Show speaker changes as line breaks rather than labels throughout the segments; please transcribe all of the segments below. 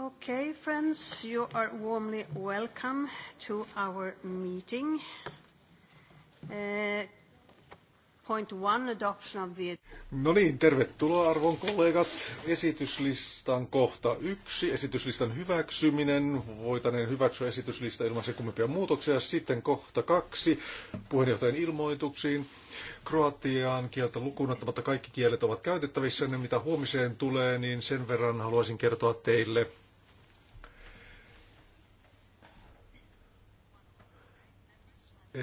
Okay, friends, you are warmly welcome to our meeting. Uh, point one, adoption of the...
No niin, tervetuloa arvon kollegat. Esityslistan kohta yksi, esityslistan hyväksyminen. Voitaneen hyväksyä esityslista ilman se kummempia muutoksia. Sitten kohta kaksi, puheenjohtajan ilmoituksiin. Kroatiaan kieltä lukuun ottamatta kaikki kielet ovat käytettävissä. Ne mitä huomiseen tulee, niin sen verran haluaisin kertoa teille –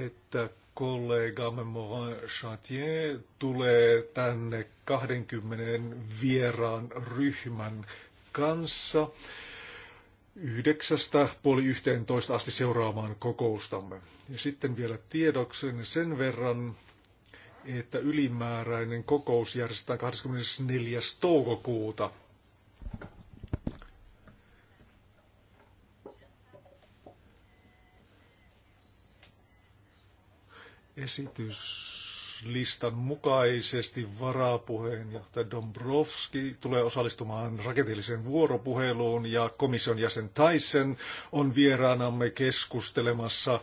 että kollegamme Morin Chantier tulee tänne 20 vieraan ryhmän kanssa yhdeksästä puoli yhteentoista asti seuraamaan kokoustamme. Ja sitten vielä tiedoksen sen verran, että ylimääräinen kokous järjestetään 24. toukokuuta esityslistan mukaisesti varapuheenjohtaja Dombrovski tulee osallistumaan rakenteelliseen vuoropuheluun ja komission jäsen Tyson on vieraanamme keskustelemassa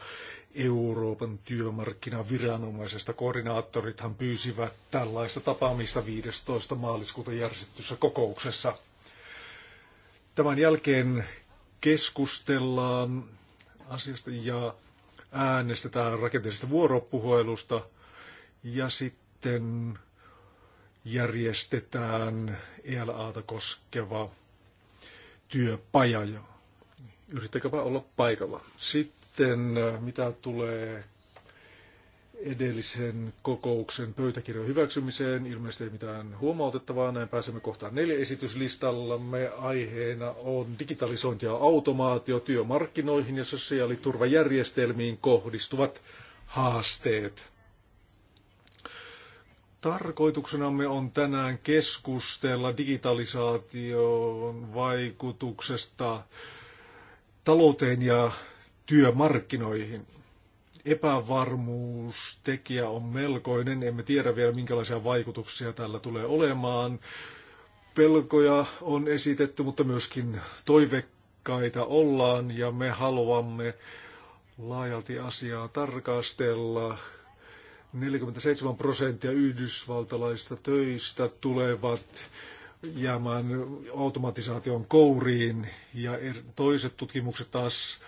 Euroopan työmarkkinaviranomaisesta. Koordinaattorithan pyysivät tällaista tapaamista 15. maaliskuuta järjestetyssä kokouksessa. Tämän jälkeen keskustellaan asiasta ja äänestetään rakenteellisesta vuoropuhelusta ja sitten järjestetään ELAta koskeva työpaja. Yrittäkääpä olla paikalla. Sitten mitä tulee edellisen kokouksen pöytäkirjan hyväksymiseen. Ilmeisesti ei mitään huomautettavaa, näin pääsemme kohtaan neljä esityslistallamme. Aiheena on digitalisointi ja automaatio työmarkkinoihin ja sosiaaliturvajärjestelmiin kohdistuvat haasteet. Tarkoituksenamme on tänään keskustella digitalisaation vaikutuksesta talouteen ja työmarkkinoihin epävarmuustekijä on melkoinen. Emme tiedä vielä, minkälaisia vaikutuksia tällä tulee olemaan. Pelkoja on esitetty, mutta myöskin toivekkaita ollaan ja me haluamme laajalti asiaa tarkastella. 47 prosenttia yhdysvaltalaisista töistä tulevat jäämään automatisaation kouriin ja er-, toiset tutkimukset taas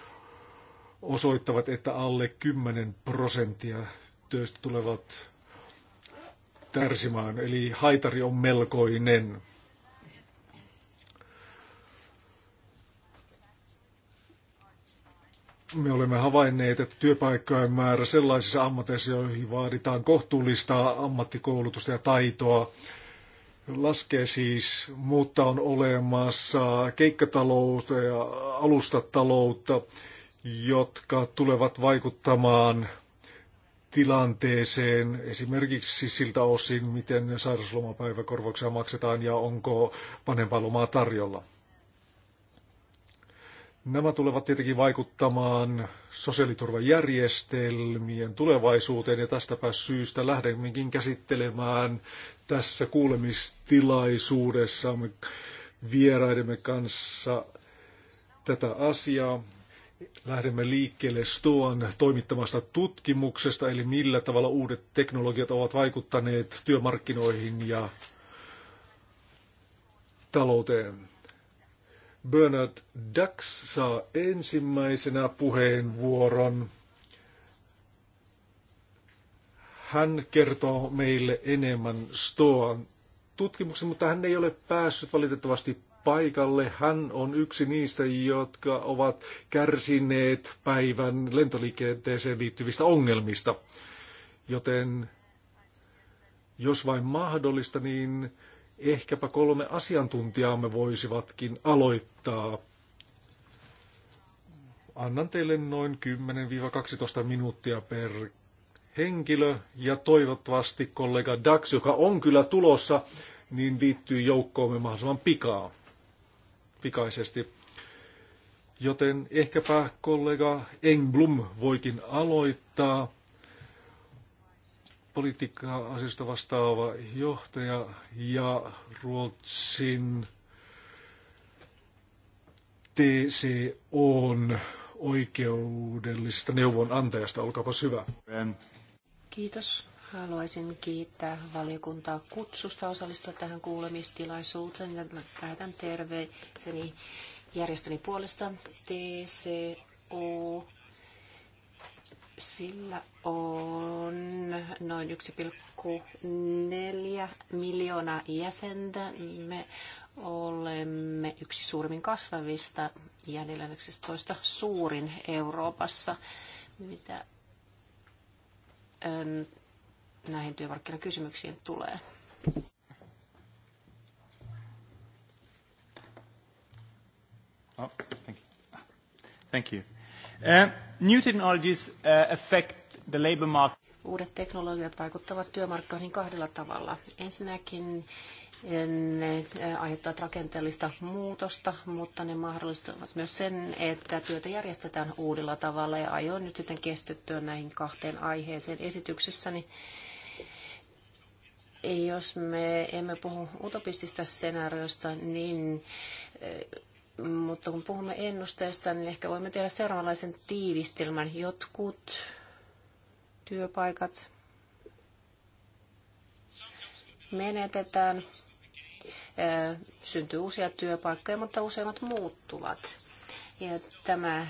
osoittavat, että alle 10 prosenttia töistä tulevat tärsimään, eli haitari on melkoinen. Me olemme havainneet, että työpaikkojen määrä sellaisissa ammateissa, joihin vaaditaan kohtuullista ammattikoulutusta ja taitoa, laskee siis, mutta on olemassa keikkataloutta ja alustataloutta, jotka tulevat vaikuttamaan tilanteeseen, esimerkiksi siltä osin, miten sairauslomapäiväkorvauksia maksetaan ja onko vanhempainlomaa tarjolla. Nämä tulevat tietenkin vaikuttamaan sosiaaliturvajärjestelmien tulevaisuuteen ja tästäpä syystä lähdemmekin käsittelemään tässä kuulemistilaisuudessa vieraidemme kanssa tätä asiaa. Lähdemme liikkeelle Stoan toimittamasta tutkimuksesta, eli millä tavalla uudet teknologiat ovat vaikuttaneet työmarkkinoihin ja talouteen. Bernard Dax saa ensimmäisenä puheenvuoron. Hän kertoo meille enemmän Stoan tutkimuksen, mutta hän ei ole päässyt valitettavasti paikalle. Hän on yksi niistä, jotka ovat kärsineet päivän lentoliikenteeseen liittyvistä ongelmista. Joten jos vain mahdollista, niin ehkäpä kolme asiantuntijaamme voisivatkin aloittaa. Annan teille noin 10-12 minuuttia per henkilö ja toivottavasti kollega Dax, joka on kyllä tulossa, niin liittyy joukkoomme mahdollisimman pikaa pikaisesti. Joten ehkäpä kollega Engblom voikin aloittaa. Politiikka-asioista vastaava johtaja ja Ruotsin TCOn oikeudellisesta neuvonantajasta. Olkaapas hyvä.
Kiitos Haluaisin kiittää valiokuntaa kutsusta osallistua tähän kuulemistilaisuuteen ja päätän terveiseni järjestöni puolesta TCO. Sillä on noin 1,4 miljoonaa jäsentä. Me olemme yksi suurimmin kasvavista ja 14 suurin Euroopassa. Mitä ähm, näihin työmarkkinakysymyksiin tulee.
Oh, thank you. Thank you. Uh, new technologies uh, affect the labor market.
Uudet teknologiat vaikuttavat työmarkkinoihin kahdella tavalla. Ensinnäkin eh, ne eh, aiheuttavat rakenteellista muutosta, mutta ne mahdollistavat myös sen, että työtä järjestetään uudella tavalla. Ja aion nyt sitten keskittyä näihin kahteen aiheeseen esityksessäni. Niin jos me emme puhu utopistista skenaariosta, niin eh, mutta kun puhumme ennusteista, niin ehkä voimme tehdä seuraavanlaisen tiivistelmän. Jotkut työpaikat menetetään, eh, syntyy uusia työpaikkoja, mutta useimmat muuttuvat. Ja tämä äh,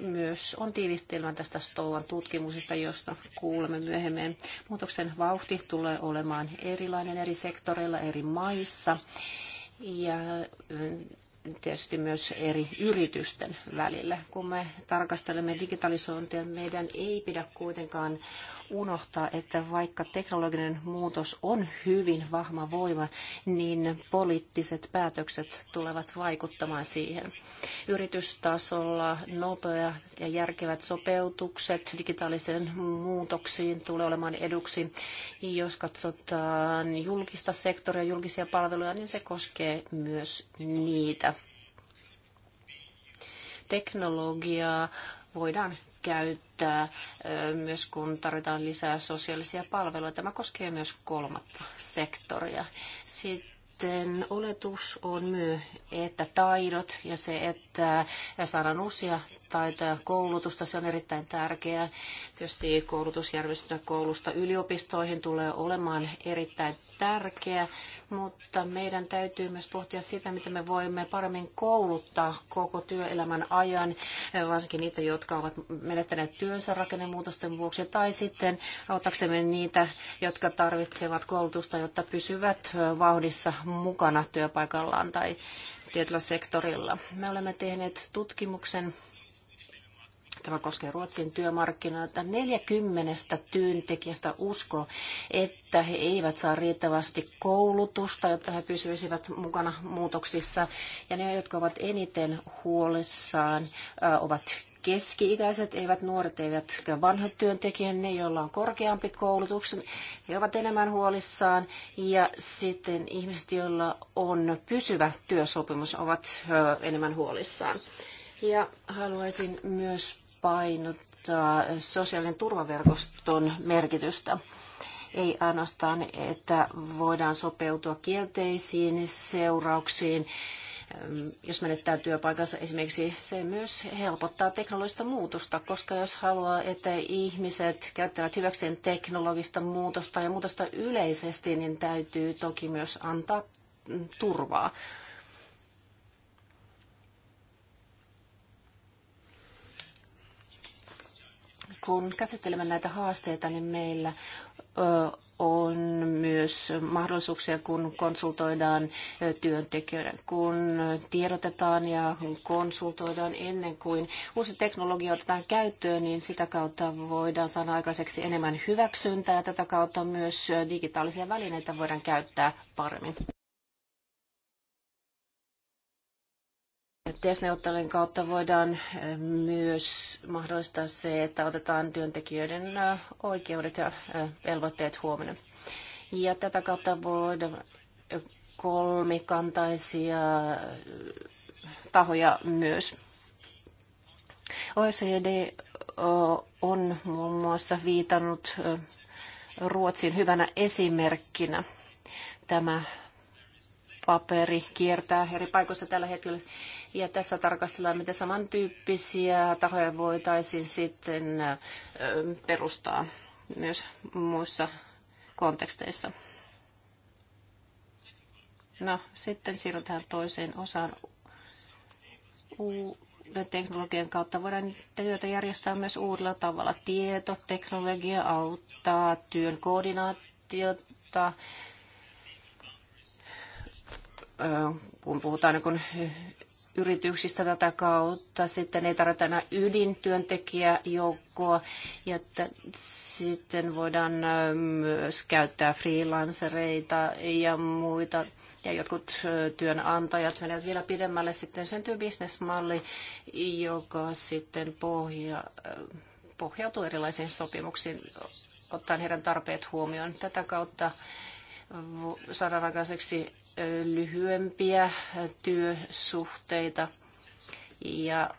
myös on tiivistelmä tästä Stouan tutkimuksesta, josta kuulemme myöhemmin. Muutoksen vauhti tulee olemaan erilainen eri sektoreilla, eri maissa. Ja äh, tietysti myös eri yritysten välillä. Kun me tarkastelemme digitalisointia, meidän ei pidä kuitenkaan unohtaa, että vaikka teknologinen muutos on hyvin vahva voima, niin poliittiset päätökset tulevat vaikuttamaan siihen. Yritystasolla nopea ja järkevät sopeutukset digitaaliseen muutoksiin tulee olemaan eduksi. Jos katsotaan julkista sektoria, julkisia palveluja, niin se koskee myös niitä teknologiaa voidaan käyttää myös kun tarvitaan lisää sosiaalisia palveluja. Tämä koskee myös kolmatta sektoria. Sitten oletus on myös, että taidot ja se, että saadaan uusia taitoja, koulutusta, se on erittäin tärkeää. Tietysti koulutusjärjestöjen koulusta yliopistoihin tulee olemaan erittäin tärkeä mutta meidän täytyy myös pohtia sitä, mitä me voimme paremmin kouluttaa koko työelämän ajan, varsinkin niitä, jotka ovat menettäneet työnsä rakennemuutosten vuoksi, tai sitten auttaksemme niitä, jotka tarvitsevat koulutusta, jotta pysyvät vauhdissa mukana työpaikallaan tai tietyllä sektorilla. Me olemme tehneet tutkimuksen tämä koskee Ruotsin työmarkkinoita, 40 työntekijästä uskoo, että he eivät saa riittävästi koulutusta, jotta he pysyisivät mukana muutoksissa. Ja ne, jotka ovat eniten huolissaan, ovat keski-ikäiset, eivät nuoret, eivät vanhat työntekijät, ne, joilla on korkeampi koulutus, he ovat enemmän huolissaan. Ja sitten ihmiset, joilla on pysyvä työsopimus, ovat enemmän huolissaan. Ja haluaisin myös painottaa sosiaalinen turvaverkoston merkitystä. Ei ainoastaan, että voidaan sopeutua kielteisiin seurauksiin, ehm, jos menettää työpaikansa esimerkiksi, se myös helpottaa teknologista muutosta, koska jos haluaa, että ihmiset käyttävät hyväkseen teknologista muutosta ja muutosta yleisesti, niin täytyy toki myös antaa turvaa. kun käsittelemme näitä haasteita, niin meillä on myös mahdollisuuksia, kun konsultoidaan työntekijöiden, kun tiedotetaan ja konsultoidaan ennen kuin uusi teknologia otetaan käyttöön, niin sitä kautta voidaan saada aikaiseksi enemmän hyväksyntää ja tätä kautta myös digitaalisia välineitä voidaan käyttää paremmin. TES-neuvottelujen kautta voidaan eh, myös mahdollistaa se, että otetaan työntekijöiden eh, oikeudet ja eh, velvoitteet huomioon. Ja tätä kautta voidaan kolmikantaisia tahoja myös. OECD on muun muassa viitannut Ruotsin hyvänä esimerkkinä. Tämä paperi kiertää eri paikoissa tällä hetkellä ja tässä tarkastellaan, miten samantyyppisiä tahoja voitaisiin sitten perustaa myös muissa konteksteissa. No, sitten siirrytään toiseen osaan. Uuden teknologian kautta voidaan työtä järjestää myös uudella tavalla. Tietoteknologia auttaa työn koordinaatiota, kun puhutaan niin kun yrityksistä tätä kautta. Sitten ei tarvita enää ydintyöntekijäjoukkoa ja että sitten voidaan myös käyttää freelancereita ja muita. Ja jotkut työnantajat menevät vielä pidemmälle. Sitten syntyy bisnesmalli, joka sitten pohja, pohjautuu erilaisiin sopimuksiin, ottaen heidän tarpeet huomioon. Tätä kautta saadaan aikaiseksi lyhyempiä työsuhteita. Ja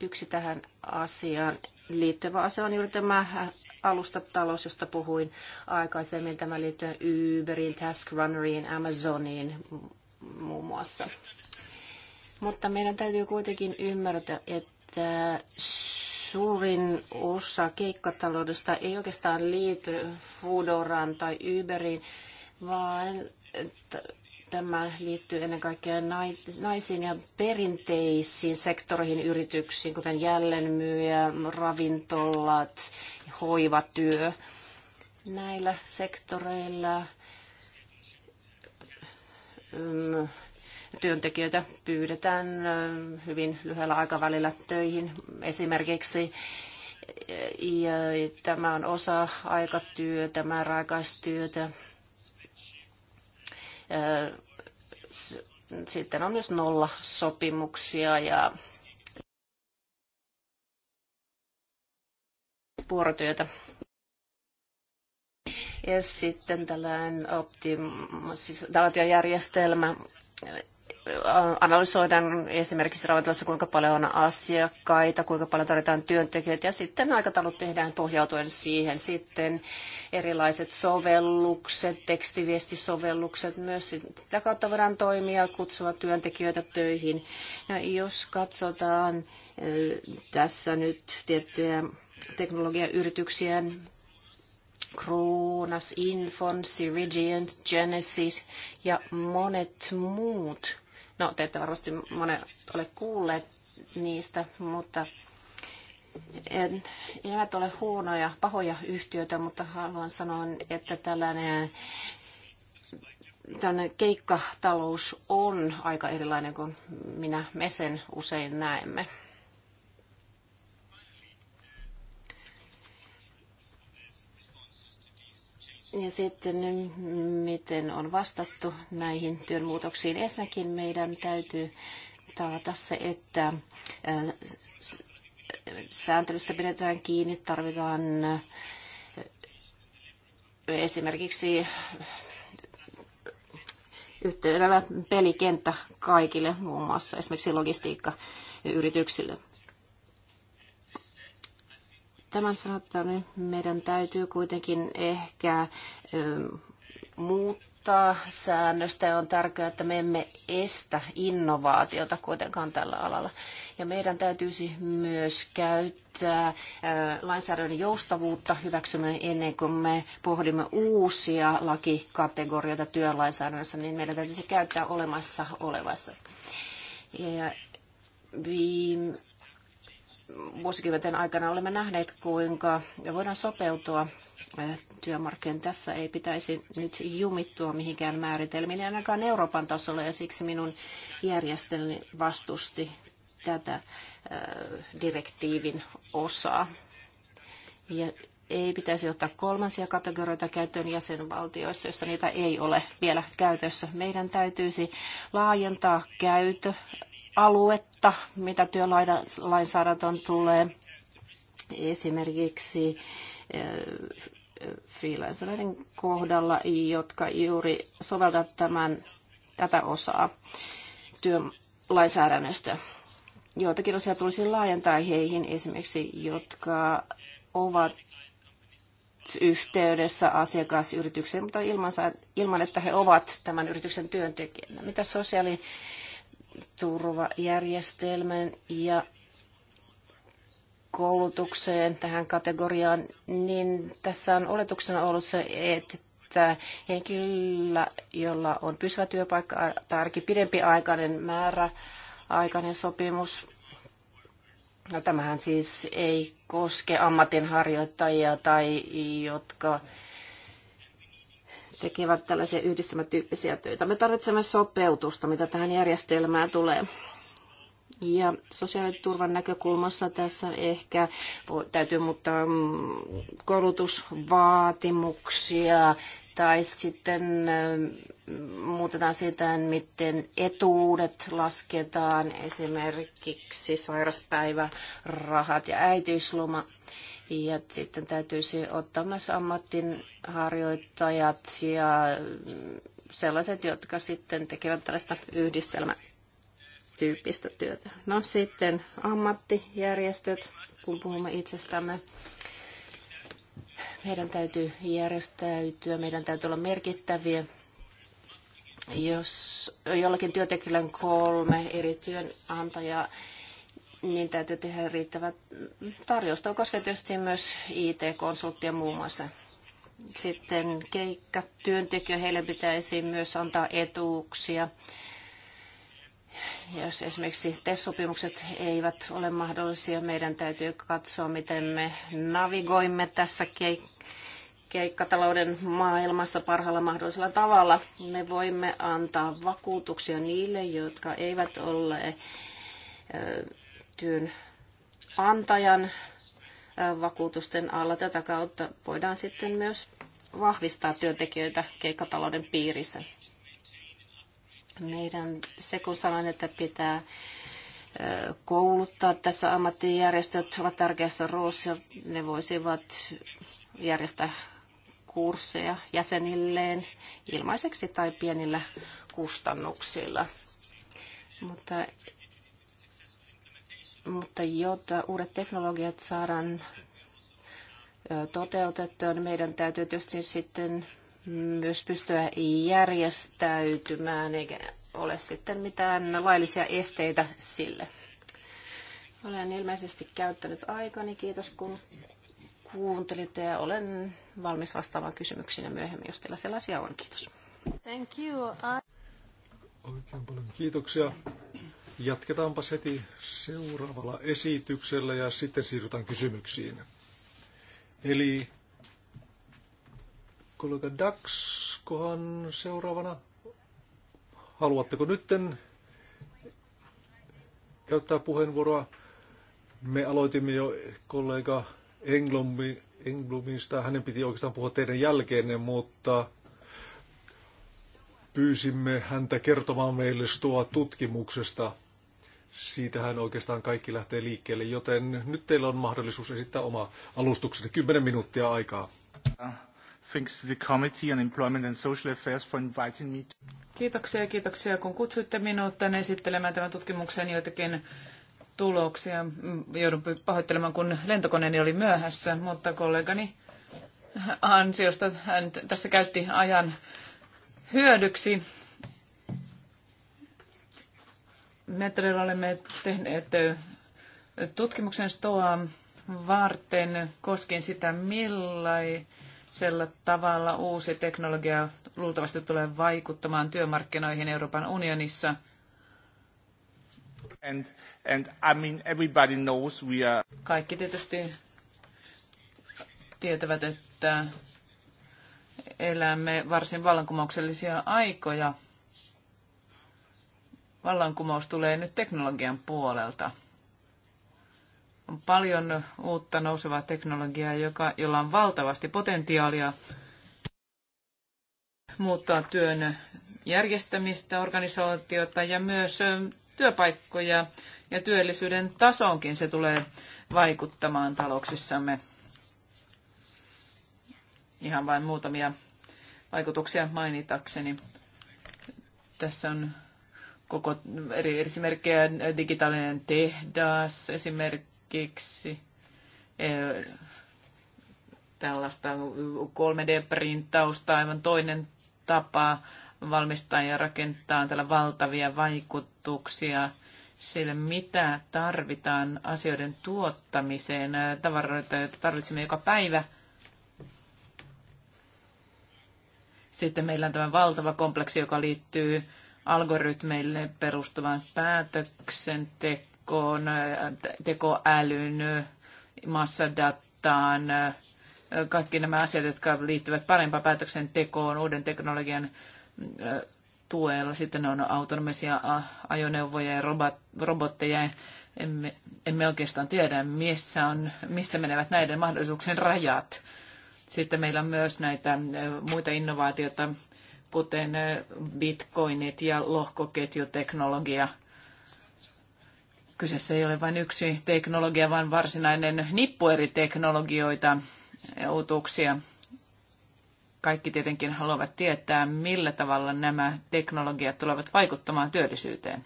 yksi tähän asiaan liittyvä asia on juuri tämä alustatalous, josta puhuin aikaisemmin. Tämä liittyy Uberiin, Task Runneriin, Amazoniin muun muassa. Mutta meidän täytyy kuitenkin ymmärtää, että suurin osa keikkataloudesta ei oikeastaan liity Foodoraan tai Uberiin, vaan Tämä liittyy ennen kaikkea naisiin ja perinteisiin sektoreihin yrityksiin, kuten jälleenmyyjä, ravintolat, hoivatyö. Näillä sektoreilla mm, työntekijöitä pyydetään mm, hyvin lyhyellä aikavälillä töihin esimerkiksi. Ja tämä on osa aikatyötä, määräaikaistyötä sitten on myös nollasopimuksia ja vuorotyötä. Ja sitten tällainen optimaatiojärjestelmä siis analysoidaan esimerkiksi ravintolassa, kuinka paljon on asiakkaita, kuinka paljon tarvitaan työntekijöitä ja sitten aikataulut tehdään pohjautuen siihen. Sitten erilaiset sovellukset, tekstiviestisovellukset myös sitä kautta voidaan toimia, kutsua työntekijöitä töihin. Ja no, jos katsotaan eh, tässä nyt tiettyjä teknologiayrityksiä, Kronas, Infon, Siridian, Genesis ja monet muut No, te ette varmasti monet ole kuulleet niistä, mutta en, eivät ole huonoja, pahoja yhtiöitä, mutta haluan sanoa, että tällainen tällainen keikkatalous on aika erilainen kuin minä me sen usein näemme. Ja sitten miten on vastattu näihin työn muutoksiin. Ensinnäkin meidän täytyy taata se, että äh, sääntelystä pidetään kiinni, tarvitaan äh, esimerkiksi äh, yhteydellä pelikenttä kaikille, muun muassa esimerkiksi logistiikkayrityksille tämän niin meidän täytyy kuitenkin ehkä muuttaa säännöstä. On tärkeää, että me emme estä innovaatiota kuitenkaan tällä alalla. Ja meidän täytyisi myös käyttää lainsäädännön joustavuutta hyväksymään ennen kuin me pohdimme uusia lakikategorioita työlainsäädännössä, niin meidän täytyisi käyttää olemassa olevassa. Ja viime vuosikymmenten aikana olemme nähneet, kuinka voidaan sopeutua eh, työmarkkinoiden. Tässä ei pitäisi nyt jumittua mihinkään määritelmiin, ainakaan Euroopan tasolla, ja siksi minun järjestelmäni vastusti tätä eh, direktiivin osaa. Ja ei pitäisi ottaa kolmansia kategorioita käyttöön jäsenvaltioissa, joissa niitä ei ole vielä käytössä. Meidän täytyisi laajentaa käytö aluetta, mitä työlainsäädäntöön tulee. Esimerkiksi eh, freelancerin kohdalla, jotka juuri soveltavat tämän, tätä osaa työlainsäädännöstä. Joitakin osia tulisi laajentaa heihin esimerkiksi, jotka ovat yhteydessä asiakasyritykseen, mutta ilman, ilman että he ovat tämän yrityksen työntekijänä. Mitä sosiaali- turvajärjestelmän ja koulutukseen tähän kategoriaan, niin tässä on oletuksena ollut se, että henkilöllä, jolla on pysyvä työpaikka tai ainakin pidempi aikainen määrä, aikainen sopimus, no tämähän siis ei koske ammatinharjoittajia tai jotka tekevät tällaisia yhdistelmätyyppisiä töitä. Me tarvitsemme sopeutusta, mitä tähän järjestelmään tulee. Ja sosiaaliturvan näkökulmassa tässä ehkä täytyy muuttaa mm, koulutusvaatimuksia tai sitten mm, muutetaan sitä, miten etuudet lasketaan, esimerkiksi sairaspäivärahat ja äitiysloma ja sitten täytyisi ottaa myös ammattin ja sellaiset, jotka sitten tekevät tällaista yhdistelmä työtä. No sitten ammattijärjestöt, kun puhumme itsestämme, meidän täytyy järjestäytyä, meidän täytyy olla merkittäviä. Jos jollakin työntekijällä on kolme eri työnantajaa, niin täytyy tehdä riittävä tarjousta, koska tietysti myös IT-konsulttia muun muassa. Sitten keikkatyöntekijöille heille pitäisi myös antaa etuuksia. Jos esimerkiksi TES-sopimukset eivät ole mahdollisia, meidän täytyy katsoa, miten me navigoimme tässä keik- keikkatalouden maailmassa parhaalla mahdollisella tavalla. Me voimme antaa vakuutuksia niille, jotka eivät ole työnantajan vakuutusten alla. Tätä kautta voidaan sitten myös vahvistaa työntekijöitä keikkatalouden piirissä. Meidän se, kun sanoin, että pitää kouluttaa. Tässä ammattijärjestöt ovat tärkeässä roolissa. Ne voisivat järjestää kursseja jäsenilleen ilmaiseksi tai pienillä kustannuksilla. Mutta mutta jotta uudet teknologiat saadaan toteutettua, niin meidän täytyy tietysti sitten myös pystyä järjestäytymään, eikä ole sitten mitään laillisia esteitä sille. Olen ilmeisesti käyttänyt aikani. Kiitos kun kuuntelitte ja olen valmis vastaamaan kysymyksiin myöhemmin, jos teillä sellaisia on. Kiitos.
Thank you.
Oikein paljon kiitoksia. Jatketaanpa heti seuraavalla esityksellä ja sitten siirrytään kysymyksiin. Eli kollega Dax, kohan seuraavana. Haluatteko nytten käyttää puheenvuoroa? Me aloitimme jo kollega Englomi, Englomista. Hänen piti oikeastaan puhua teidän jälkeenne, mutta pyysimme häntä kertomaan meille tuo tutkimuksesta. Siitähän oikeastaan kaikki lähtee liikkeelle, joten nyt teillä on mahdollisuus esittää oma alustuksenne. Kymmenen minuuttia aikaa.
Kiitoksia, kiitoksia, kun kutsuitte minut tänne esittelemään tämän tutkimuksen joitakin tuloksia. Joudun pahoittelemaan, kun lentokoneeni oli myöhässä, mutta kollegani ansiosta hän tässä käytti ajan hyödyksi Me olemme tehneet tutkimuksen STOA varten koskien sitä, millaisella tavalla uusi teknologia luultavasti tulee vaikuttamaan työmarkkinoihin Euroopan unionissa.
And, and I mean everybody knows we are...
Kaikki tietysti tietävät, että elämme varsin vallankumouksellisia aikoja – vallankumous tulee nyt teknologian puolelta. On paljon uutta nousevaa teknologiaa, joka, jolla on valtavasti potentiaalia muuttaa työn järjestämistä, organisaatiota ja myös työpaikkoja ja työllisyyden tasoonkin se tulee vaikuttamaan talouksissamme. Ihan vain muutamia vaikutuksia mainitakseni. Tässä on koko eri esimerkkejä, digitaalinen tehdas esimerkiksi, e, tällaista 3D-printtausta, aivan toinen tapa valmistaa ja rakentaa tällä valtavia vaikutuksia sille, mitä tarvitaan asioiden tuottamiseen, tavaroita, joita tarvitsemme joka päivä. Sitten meillä on tämä valtava kompleksi, joka liittyy algoritmeille perustuvan päätöksentekoon, tekoälyn, massadataan, kaikki nämä asiat, jotka liittyvät parempaan päätöksentekoon uuden teknologian tuella. Sitten on autonomisia ajoneuvoja ja robotteja. Emme, emme oikeastaan tiedä, missä, on, missä menevät näiden mahdollisuuksien rajat. Sitten meillä on myös näitä muita innovaatioita, kuten bitcoinit ja lohkoketjuteknologia. Kyseessä ei ole vain yksi teknologia, vaan varsinainen nippu eri teknologioita ja uutuuksia. Kaikki tietenkin haluavat tietää, millä tavalla nämä teknologiat tulevat vaikuttamaan työllisyyteen.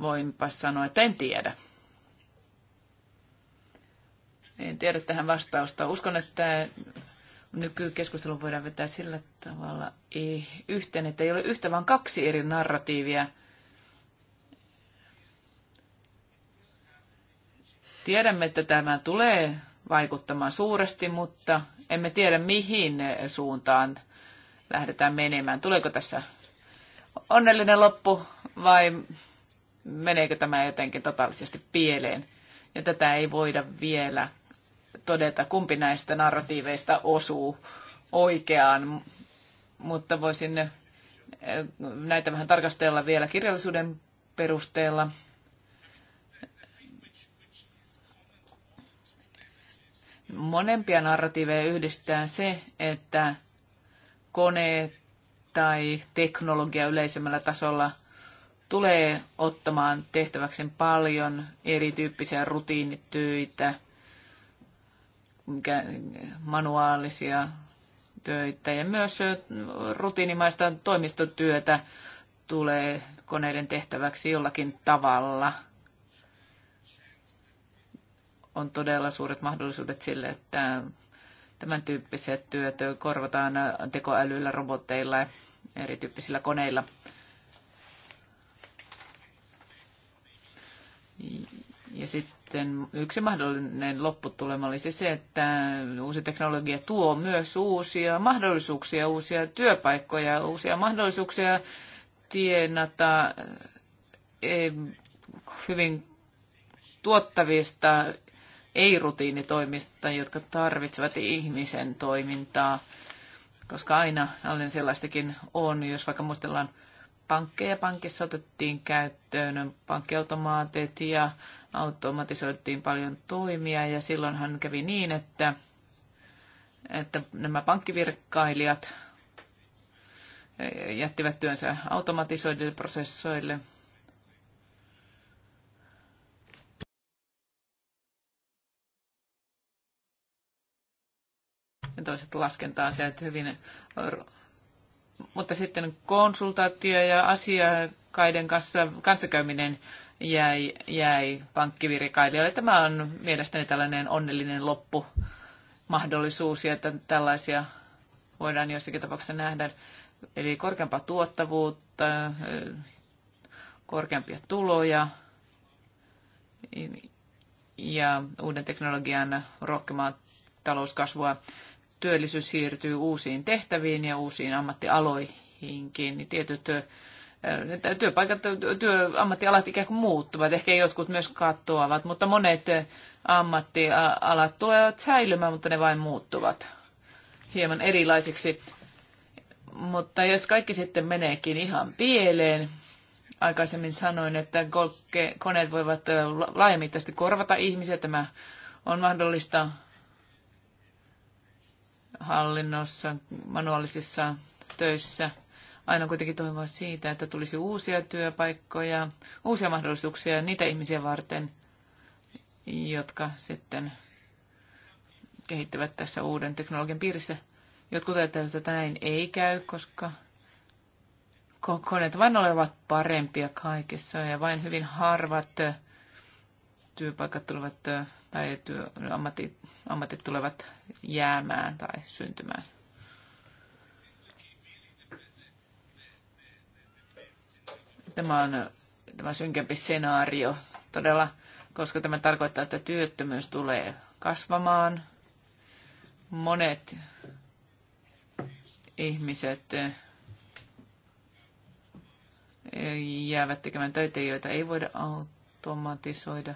Voinpa sanoa, että en tiedä. En tiedä tähän vastausta. Uskon, että nykykeskustelun voidaan vetää sillä tavalla yhteen, että ei ole yhtä, vaan kaksi eri narratiivia. Tiedämme, että tämä tulee vaikuttamaan suuresti, mutta emme tiedä mihin suuntaan lähdetään menemään. Tuleeko tässä onnellinen loppu vai meneekö tämä jotenkin totaalisesti pieleen? Ja tätä ei voida vielä todeta, kumpi näistä narratiiveista osuu oikeaan, mutta voisin eh, näitä vähän tarkastella vielä kirjallisuuden perusteella. Monempia narratiiveja yhdistää se, että kone tai teknologia yleisemmällä tasolla tulee ottamaan tehtäväkseen paljon erityyppisiä rutiinityitä – manuaalisia töitä ja myös rutiinimaista toimistotyötä tulee koneiden tehtäväksi jollakin tavalla. On todella suuret mahdollisuudet sille, että tämän tyyppiset työt korvataan tekoälyllä, robotteilla ja erityyppisillä koneilla. Ja sitten sitten yksi mahdollinen lopputulema oli siis se, että uusi teknologia tuo myös uusia mahdollisuuksia, uusia työpaikkoja, uusia mahdollisuuksia tienata eh, hyvin tuottavista ei-rutiinitoimista, jotka tarvitsevat ihmisen toimintaa, koska aina allen sellaistakin on, jos vaikka muistellaan pankkeja. Pankissa otettiin käyttöön pankkiautomaatit ja automatisoitiin paljon toimia ja silloinhan kävi niin, että, että nämä pankkivirkkailijat e, jättivät työnsä automatisoidille prosessoille. Ja toiset laskenta-asiat hyvin mutta sitten konsultaatio ja asiakkaiden kanssa kanssakäyminen jäi, jäi pankkivirikailijoille. Tämä on mielestäni tällainen onnellinen loppu mahdollisuus ja että tällaisia voidaan jossakin tapauksessa nähdä. Eli korkeampaa tuottavuutta, korkeampia tuloja ja uuden teknologian rohkemaa talouskasvua. Työllisyys siirtyy uusiin tehtäviin ja uusiin ammattialoihinkin. Tietyt työpaikat, työammattialat ikään kuin muuttuvat, ehkä jotkut myös katoavat, mutta monet ammattialat tulevat säilymään, mutta ne vain muuttuvat hieman erilaisiksi. Mutta jos kaikki sitten meneekin ihan pieleen, aikaisemmin sanoin, että koneet voivat laajamittaisesti korvata ihmisiä, tämä on mahdollista hallinnossa, manuaalisissa töissä – Aina kuitenkin toivoa siitä, että tulisi uusia työpaikkoja, uusia mahdollisuuksia niitä ihmisiä varten, jotka sitten kehittyvät tässä uuden teknologian piirissä. Jotkut ajattelevat, että näin ei käy, koska koneet vain olevat parempia kaikessa ja vain hyvin harvat työpaikat tulevat tai työ, ammatit, ammatit tulevat jäämään tai syntymään. Tämä on tämä synkempi skenaario todella, koska tämä tarkoittaa, että työttömyys tulee kasvamaan. Monet ihmiset eh, jäävät tekemään töitä, joita ei voida automatisoida.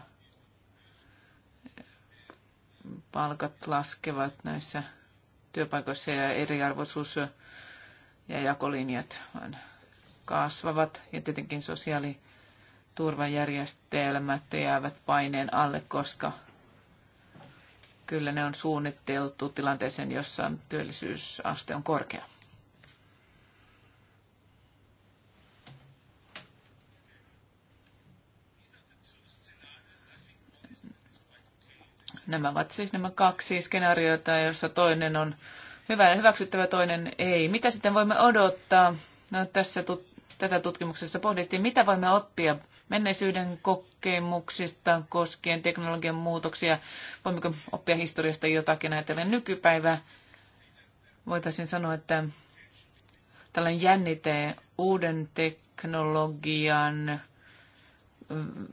Palkat laskevat näissä työpaikoissa ja eriarvoisuus ja jakolinjat vaan kasvavat ja tietenkin sosiaaliturvajärjestelmät jäävät paineen alle, koska kyllä ne on suunniteltu tilanteeseen, jossa työllisyysaste on korkea. Nämä ovat siis nämä kaksi skenaariota, joissa toinen on hyvä ja hyväksyttävä, toinen ei. Mitä sitten voimme odottaa? No, tässä Tätä tutkimuksessa pohdittiin, mitä voimme oppia menneisyyden kokemuksista koskien teknologian muutoksia. Voimmeko oppia historiasta jotakin ajatellen nykypäivää? Voitaisiin sanoa, että tällainen jännite uuden teknologian mm,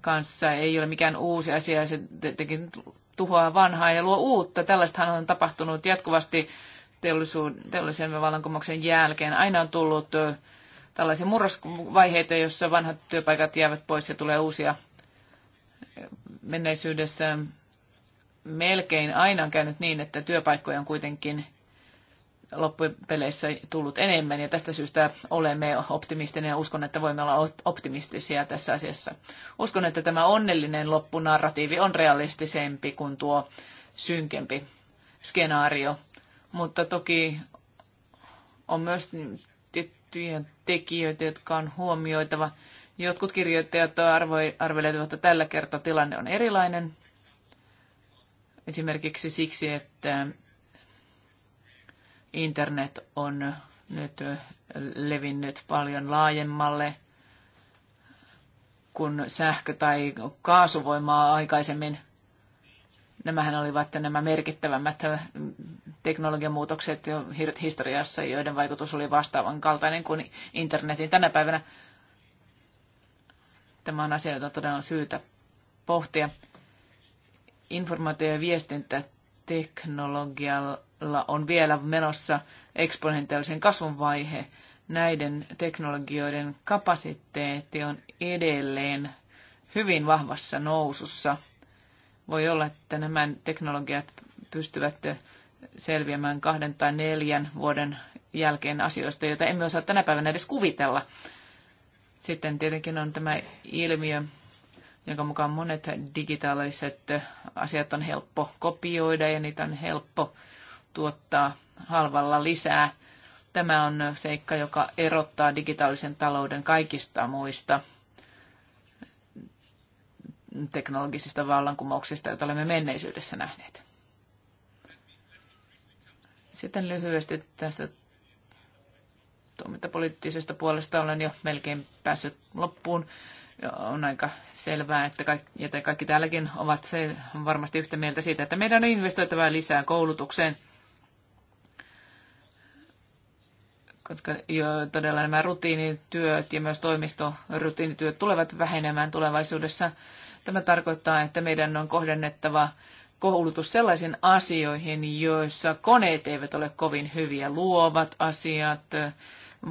kanssa ei ole mikään uusi asia, se tietenkin tuhoaa vanhaa ja luo uutta. Tällaistahan on tapahtunut jatkuvasti teollisuuden, teollisen vallankumouksen jälkeen. Aina on tullut tällaisia murrosvaiheita, joissa vanhat työpaikat jäävät pois ja tulee uusia menneisyydessä. Melkein aina on käynyt niin, että työpaikkoja on kuitenkin loppupeleissä tullut enemmän ja tästä syystä olemme optimistinen ja uskon, että voimme olla optimistisia tässä asiassa. Uskon, että tämä onnellinen loppunarratiivi on realistisempi kuin tuo synkempi skenaario, mutta toki on myös tiettyjä tekijöitä, jotka on huomioitava. Jotkut kirjoittajat arvelevat, että tällä kertaa tilanne on erilainen. Esimerkiksi siksi, että internet on nyt levinnyt paljon laajemmalle kuin sähkö- tai kaasuvoimaa aikaisemmin. Nämähän olivat nämä merkittävämmät teknologian muutokset jo historiassa, joiden vaikutus oli vastaavan kaltainen kuin internetin tänä päivänä. Tämä on asia, jota todella on syytä pohtia. Informaatio- ja viestintäteknologialla on vielä menossa eksponentiaalisen kasvun vaihe. Näiden teknologioiden kapasiteetti on edelleen hyvin vahvassa nousussa. Voi olla, että nämä teknologiat pystyvät selviämään kahden tai neljän vuoden jälkeen asioista, joita emme osaa tänä päivänä edes kuvitella. Sitten tietenkin on tämä ilmiö, jonka mukaan monet digitaaliset asiat on helppo kopioida ja niitä on helppo tuottaa halvalla lisää. Tämä on seikka, joka erottaa digitaalisen talouden kaikista muista teknologisista vallankumouksista, joita olemme menneisyydessä nähneet. Sitten lyhyesti tästä toimintapoliittisesta puolesta olen jo melkein päässyt loppuun. On aika selvää, että kaikki, kaikki täälläkin ovat se, varmasti yhtä mieltä siitä, että meidän on investoitava lisää koulutukseen. koska jo todella nämä rutiinityöt ja myös toimistorutiinityöt tulevat vähenemään tulevaisuudessa. Tämä tarkoittaa, että meidän on kohdennettava koulutus sellaisiin asioihin, joissa koneet eivät ole kovin hyviä, luovat asiat,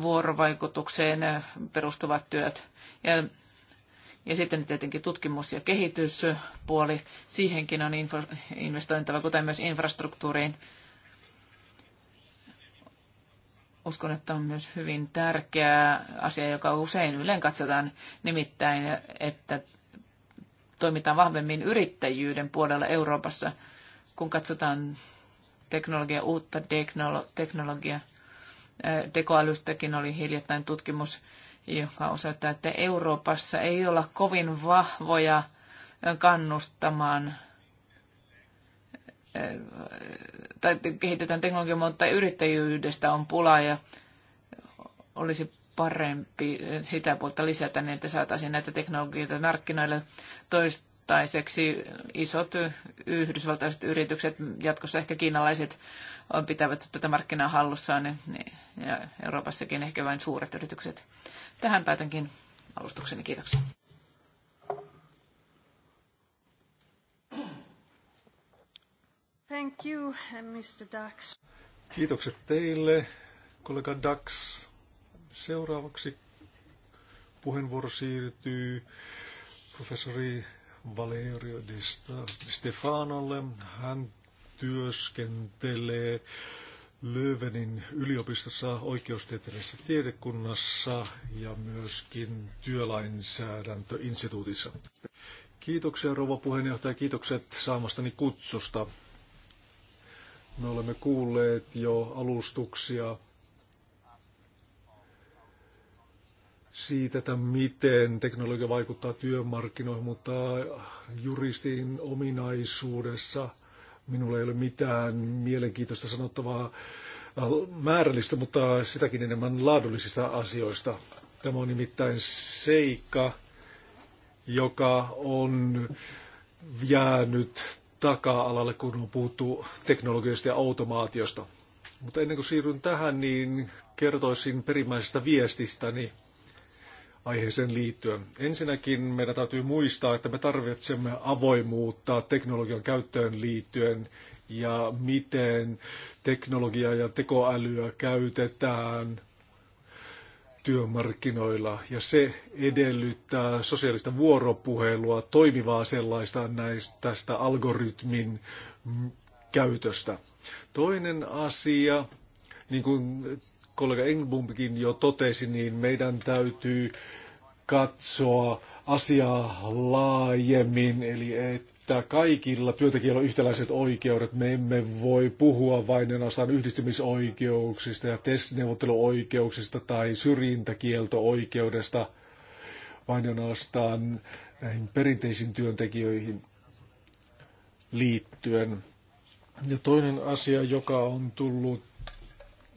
vuorovaikutukseen perustuvat työt. Ja, ja sitten tietenkin tutkimus- ja kehityspuoli, siihenkin on info, investointava, kuten myös infrastruktuuriin. Uskon, että on myös hyvin tärkeä asia, joka usein yleen katsotaan, nimittäin, että toimitaan vahvemmin yrittäjyyden puolella Euroopassa, kun katsotaan teknologia, uutta teknologiaa. Äh, tekoälystäkin oli hiljattain tutkimus, joka osoittaa, että Euroopassa ei olla kovin vahvoja kannustamaan äh, tai kehitetään teknologiaa, mutta yrittäjyydestä on pulaa ja olisi parempi eh, sitä puolta lisätä, niin että saataisiin näitä teknologioita markkinoille toistaiseksi. Isot yhdysvaltaiset yritykset, jatkossa ehkä kiinalaiset, pitävät tätä markkinaa hallussaan niin, niin, ja Euroopassakin ehkä vain suuret yritykset. Tähän päätänkin alustukseni. Kiitoksia.
Thank you, Mr. Dax.
Kiitokset teille, kollega Dax. Seuraavaksi puheenvuoro siirtyy professori Valerio Di Stefanolle. Hän työskentelee Löövenin yliopistossa oikeustieteellisessä tiedekunnassa ja myöskin työlainsäädäntöinstituutissa. Kiitoksia rouva puheenjohtaja, kiitokset saamastani kutsusta. Me olemme kuulleet jo alustuksia siitä, että miten teknologia vaikuttaa työmarkkinoihin, mutta juristin ominaisuudessa minulla ei ole mitään mielenkiintoista sanottavaa määrällistä, mutta sitäkin enemmän laadullisista asioista. Tämä on nimittäin seikka, joka on jäänyt taka-alalle, kun on puhuttu teknologiasta ja automaatiosta. Mutta ennen kuin siirryn tähän, niin kertoisin perimmäisestä viestistäni. Niin aiheeseen liittyen. Ensinnäkin meidän täytyy muistaa, että me tarvitsemme avoimuutta teknologian käyttöön liittyen ja miten teknologiaa ja tekoälyä käytetään työmarkkinoilla. Ja se edellyttää sosiaalista vuoropuhelua, toimivaa sellaista näistä, tästä algoritmin käytöstä. Toinen asia, niin kuin kollega Engbumpikin jo totesi, niin meidän täytyy katsoa asiaa laajemmin, eli että kaikilla työntekijöillä on yhtäläiset oikeudet. Me emme voi puhua vain ainoastaan yhdistymisoikeuksista ja testneuvotteluoikeuksista tai syrjintäkielto-oikeudesta, vain ainoastaan näihin perinteisiin työntekijöihin liittyen. Ja toinen asia, joka on tullut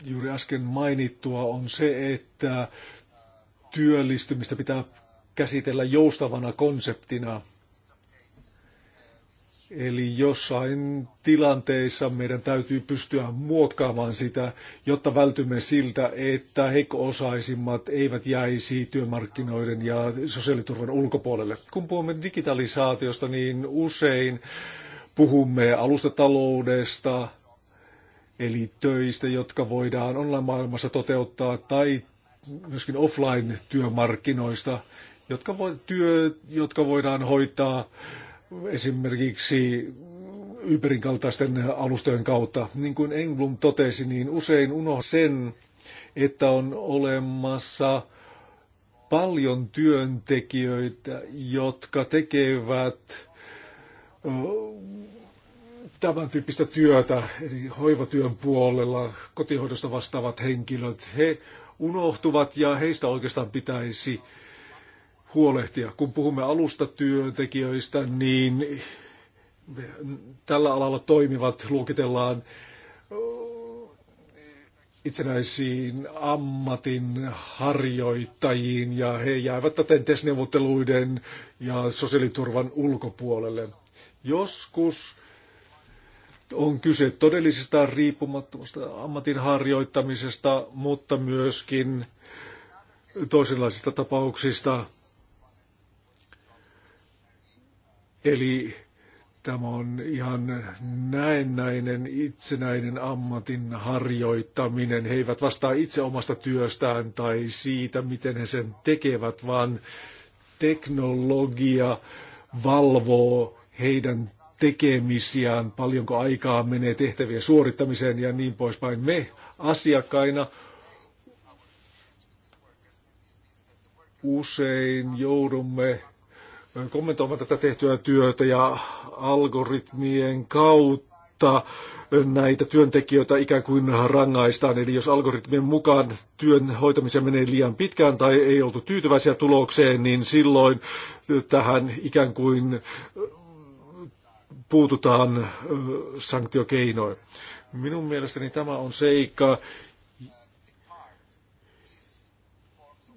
juuri äsken mainittua on se, että työllistymistä pitää käsitellä joustavana konseptina. Eli jossain tilanteissa meidän täytyy pystyä muokkaamaan sitä, jotta vältymme siltä, että heikko-osaisimmat eivät jäisi työmarkkinoiden ja sosiaaliturvan ulkopuolelle. Kun puhumme digitalisaatiosta, niin usein puhumme alustataloudesta, eli töistä, jotka voidaan online-maailmassa toteuttaa, tai myöskin offline-työmarkkinoista, jotka, vo, työ, jotka voidaan hoitaa esimerkiksi Uberin kaltaisten alustojen kautta. Niin kuin Englum totesi, niin usein unohda sen, että on olemassa paljon työntekijöitä, jotka tekevät tämän tyyppistä työtä, eli hoivatyön puolella kotihoidosta vastaavat henkilöt, he unohtuvat ja heistä oikeastaan pitäisi huolehtia. Kun puhumme alustatyöntekijöistä, niin tällä alalla toimivat luokitellaan itsenäisiin ammatin harjoittajiin ja he jäävät täten TES-neuvotteluiden ja sosiaaliturvan ulkopuolelle. Joskus on kyse todellisesta riippumattomasta ammatin harjoittamisesta, mutta myöskin toisenlaisista tapauksista. Eli tämä on ihan näennäinen itsenäinen ammatin harjoittaminen. He eivät vastaa itse omasta työstään tai siitä, miten he sen tekevät, vaan teknologia valvoo heidän tekemisiään, paljonko aikaa menee tehtävien suorittamiseen ja niin poispäin. Me asiakkaina usein joudumme kommentoimaan tätä tehtyä työtä ja algoritmien kautta näitä työntekijöitä ikään kuin rangaistaan. Eli jos algoritmien mukaan työn hoitamiseen menee liian pitkään tai ei oltu tyytyväisiä tulokseen, niin silloin tähän ikään kuin puututaan sanktiokeinoin. Minun mielestäni tämä on seikka,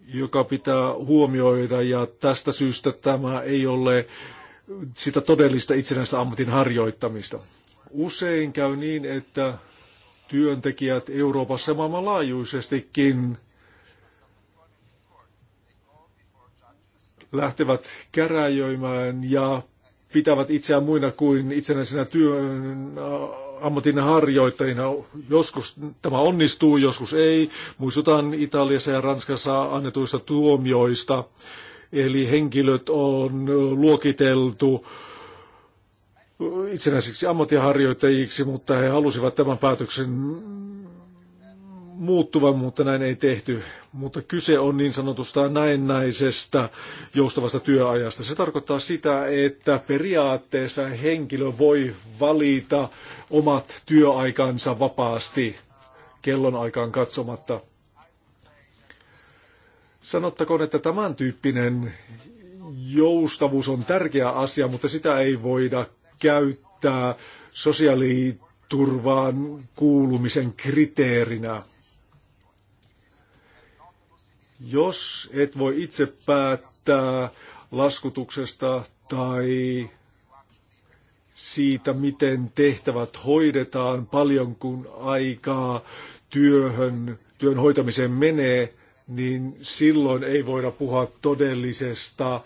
joka pitää huomioida ja tästä syystä tämä ei ole sitä todellista itsenäistä ammatin harjoittamista. Usein käy niin, että työntekijät Euroopassa maailmanlaajuisestikin lähtevät käräjöimään ja pitävät itseään muina kuin itsenäisenä työn ammatin harjoittajina. Joskus tämä onnistuu, joskus ei. Muistutan Italiassa ja Ranskassa annetuista tuomioista. Eli henkilöt on luokiteltu itsenäisiksi ammattiharjoittajiksi, mutta he halusivat tämän päätöksen muuttuvan, mutta näin ei tehty. Mutta kyse on niin sanotusta näennäisestä joustavasta työajasta. Se tarkoittaa sitä, että periaatteessa henkilö voi valita omat työaikansa vapaasti kellon aikaan katsomatta. Sanottakoon, että tämän tyyppinen joustavuus on tärkeä asia, mutta sitä ei voida käyttää sosiaali turvaan kuulumisen kriteerinä. Jos et voi itse päättää laskutuksesta tai siitä, miten tehtävät hoidetaan, paljon kun aikaa työhön, työn hoitamiseen menee, niin silloin ei voida puhua todellisesta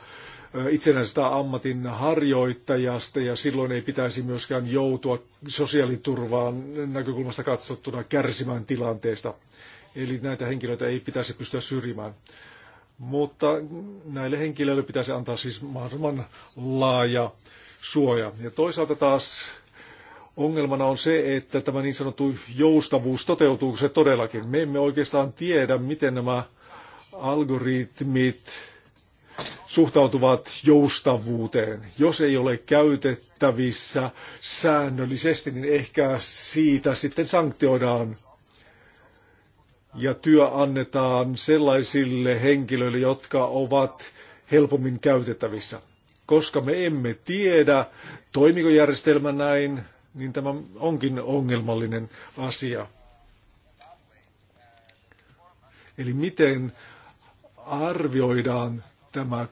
itsenäisestä ammatin harjoittajasta ja silloin ei pitäisi myöskään joutua sosiaaliturvaan näkökulmasta katsottuna kärsimään tilanteesta. Eli näitä henkilöitä ei pitäisi pystyä syrjimään. Mutta näille henkilöille pitäisi antaa siis mahdollisimman laaja suoja. Ja toisaalta taas ongelmana on se, että tämä niin sanottu joustavuus toteutuu se todellakin. Me emme oikeastaan tiedä, miten nämä algoritmit suhtautuvat joustavuuteen. Jos ei ole käytettävissä säännöllisesti, niin ehkä siitä sitten sanktioidaan ja työ annetaan sellaisille henkilöille, jotka ovat helpommin käytettävissä. Koska me emme tiedä, toimiko järjestelmä näin, niin tämä onkin ongelmallinen asia. Eli miten arvioidaan tämä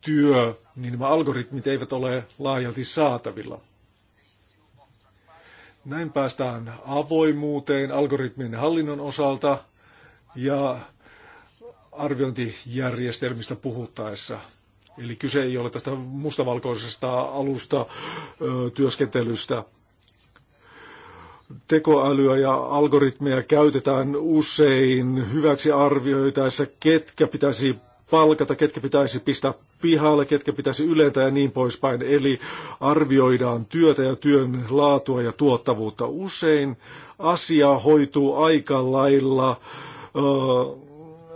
työ, niin nämä algoritmit eivät ole laajalti saatavilla. Näin päästään avoimuuteen algoritmin hallinnon osalta ja arviointijärjestelmistä puhuttaessa. Eli kyse ei ole tästä mustavalkoisesta alusta ö, työskentelystä. Tekoälyä ja algoritmeja käytetään usein hyväksi arvioitaessa, ketkä pitäisi palkata, ketkä pitäisi pistää pihalle, ketkä pitäisi ylentää ja niin poispäin. Eli arvioidaan työtä ja työn laatua ja tuottavuutta. Usein asia hoituu aika lailla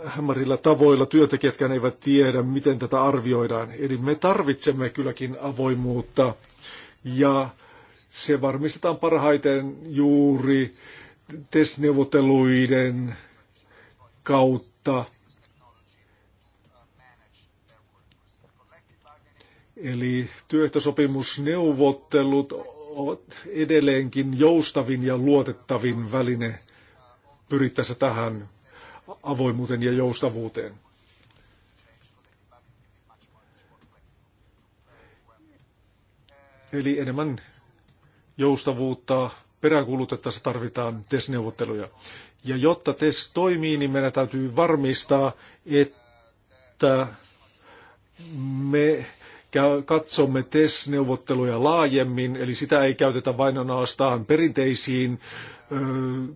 hämärillä tavoilla. Työntekijätkään eivät tiedä, miten tätä arvioidaan. Eli me tarvitsemme kylläkin avoimuutta ja se varmistetaan parhaiten juuri testneuvotteluiden kautta Eli työehtosopimusneuvottelut ovat edelleenkin joustavin ja luotettavin väline pyrittäessä tähän avoimuuteen ja joustavuuteen. Eli enemmän joustavuutta peräkulutettaessa tarvitaan TES-neuvotteluja. Ja jotta TES toimii, niin meidän täytyy varmistaa, että me katsomme TES-neuvotteluja laajemmin, eli sitä ei käytetä vain ainoastaan perinteisiin ö,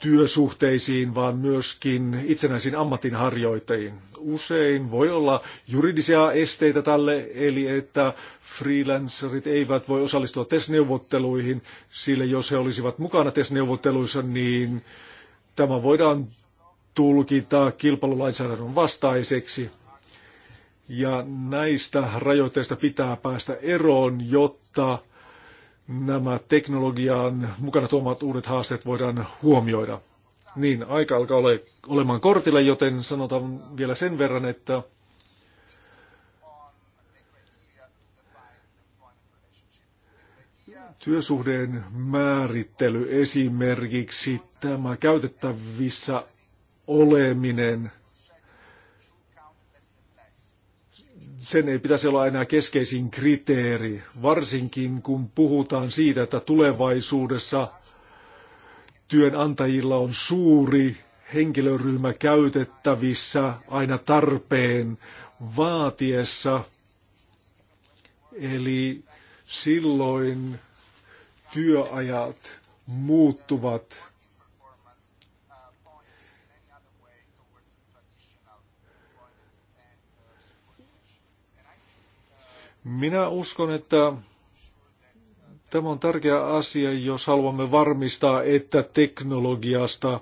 työsuhteisiin, vaan myöskin itsenäisiin ammatinharjoittajiin. Usein voi olla juridisia esteitä tälle, eli että freelancerit eivät voi osallistua TES-neuvotteluihin, sillä jos he olisivat mukana TES-neuvotteluissa, niin tämä voidaan tulkita kilpailulainsäädännön vastaiseksi. Ja näistä rajoitteista pitää päästä eroon, jotta nämä teknologian mukana tuomat uudet haasteet voidaan huomioida. Niin, aika alkaa ole, olemaan kortille, joten sanotaan vielä sen verran, että työsuhteen määrittely esimerkiksi, tämä käytettävissä oleminen – sen ei pitäisi olla enää keskeisin kriteeri, varsinkin kun puhutaan siitä, että tulevaisuudessa työnantajilla on suuri henkilöryhmä käytettävissä aina tarpeen vaatiessa. Eli silloin työajat muuttuvat Minä uskon, että tämä on tärkeä asia, jos haluamme varmistaa, että teknologiasta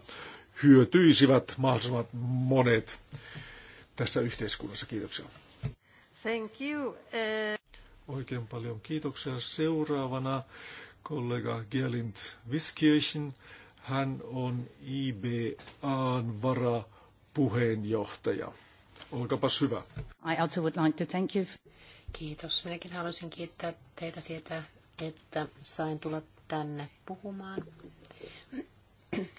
hyötyisivät mahdollisimman monet tässä yhteiskunnassa. Kiitoksia. Thank you. Eh. Oikein paljon kiitoksia. Seuraavana kollega Gerlind Wiskirchen. Hän on IBAn varapuheenjohtaja. Olkapas hyvä.
I also would like to thank you. Kiitos. Minäkin haluaisin kiittää teitä siitä, että sain tulla tänne puhumaan.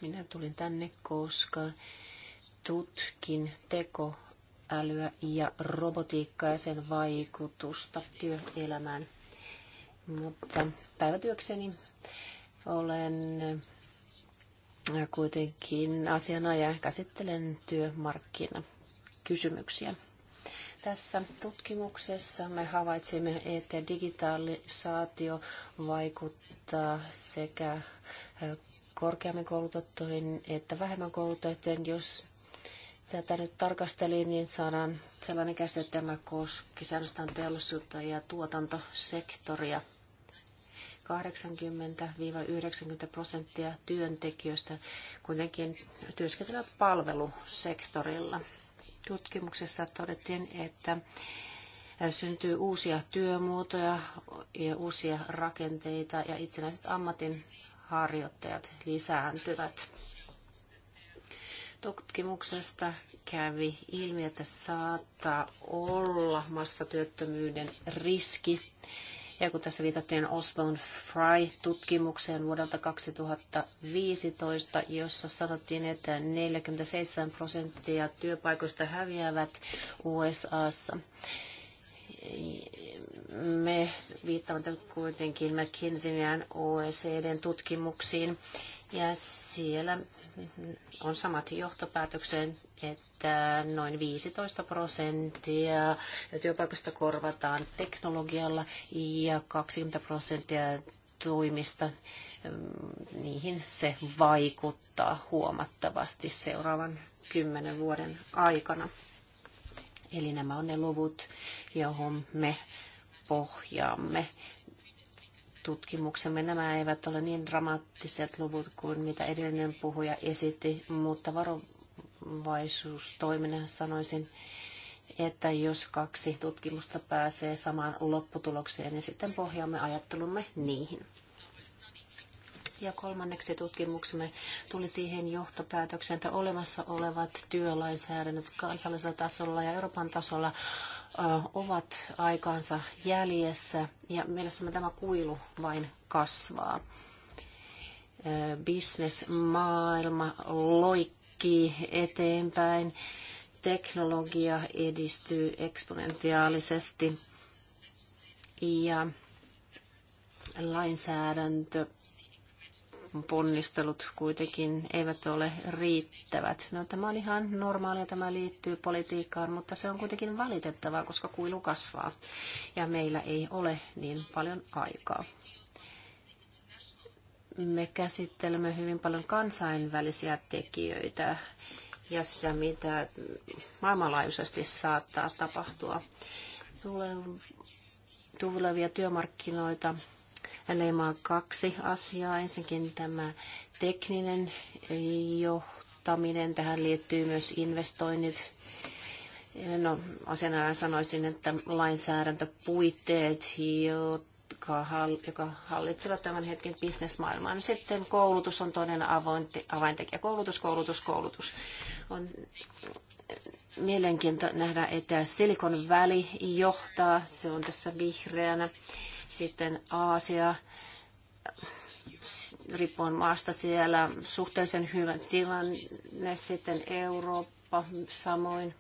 Minä tulin tänne, koska tutkin tekoälyä ja robotiikkaa ja sen vaikutusta työelämään. Mutta päivätyökseni olen kuitenkin asianajaja, käsittelen työmarkkinakysymyksiä. Tässä tutkimuksessa me havaitsimme, että digitalisaatio vaikuttaa sekä korkeammin koulutettuihin että vähemmän koulutettuihin. Jos tätä nyt tarkastelin, niin saadaan sellainen käsite, että tämä koskisi ainoastaan teollisuutta ja tuotantosektoria. 80-90 prosenttia työntekijöistä kuitenkin työskentelevät palvelusektorilla tutkimuksessa todettiin, että syntyy uusia työmuotoja ja uusia rakenteita ja itsenäiset ammatin harjoittajat lisääntyvät. Tutkimuksesta kävi ilmi, että saattaa olla massatyöttömyyden riski ja kun tässä viitattiin Osborne Fry-tutkimukseen vuodelta 2015, jossa sanottiin, että 47 prosenttia työpaikoista häviävät USAssa. Me viittaamme kuitenkin McKinseyn ja OECDn tutkimuksiin, ja siellä Mm-hmm. on samat johtopäätökseen, että noin 15 prosenttia työpaikasta korvataan teknologialla ja 20 prosenttia toimista, mm, niihin se vaikuttaa huomattavasti seuraavan kymmenen vuoden aikana. Eli nämä on ne luvut, johon me pohjaamme tutkimuksemme. Nämä eivät ole niin dramaattiset luvut kuin mitä edellinen puhuja esitti, mutta varovaisuustoiminen sanoisin, että jos kaksi tutkimusta pääsee samaan lopputulokseen, niin sitten pohjaamme ajattelumme niihin. Ja kolmanneksi tutkimuksemme tuli siihen johtopäätökseen, että olemassa olevat työlainsäädännöt kansallisella tasolla ja Euroopan tasolla ovat aikaansa jäljessä ja mielestäni tämä kuilu vain kasvaa. Businessmaailma loikkii eteenpäin, teknologia edistyy eksponentiaalisesti ja lainsäädäntö ponnistelut kuitenkin eivät ole riittävät. No, tämä on ihan normaalia, tämä liittyy politiikkaan, mutta se on kuitenkin valitettavaa, koska kuilu kasvaa ja meillä ei ole niin paljon aikaa. Me käsittelemme hyvin paljon kansainvälisiä tekijöitä ja sitä, mitä maailmanlaajuisesti saattaa tapahtua. Tulee tulevia työmarkkinoita leimaa kaksi asiaa. Ensinnäkin tämä tekninen johtaminen. Tähän liittyy myös investoinnit. No, asianajana sanoisin, että lainsäädäntöpuitteet, jotka hallitsevat tämän hetken bisnesmaailmaa. No sitten koulutus on toinen avaintekijä. Koulutus, koulutus, koulutus. On mielenkiintoista nähdä, että Silikon väli johtaa, se on tässä vihreänä, sitten Aasia, riippuen maasta siellä, suhteellisen hyvä tilanne. Sitten Eurooppa samoin.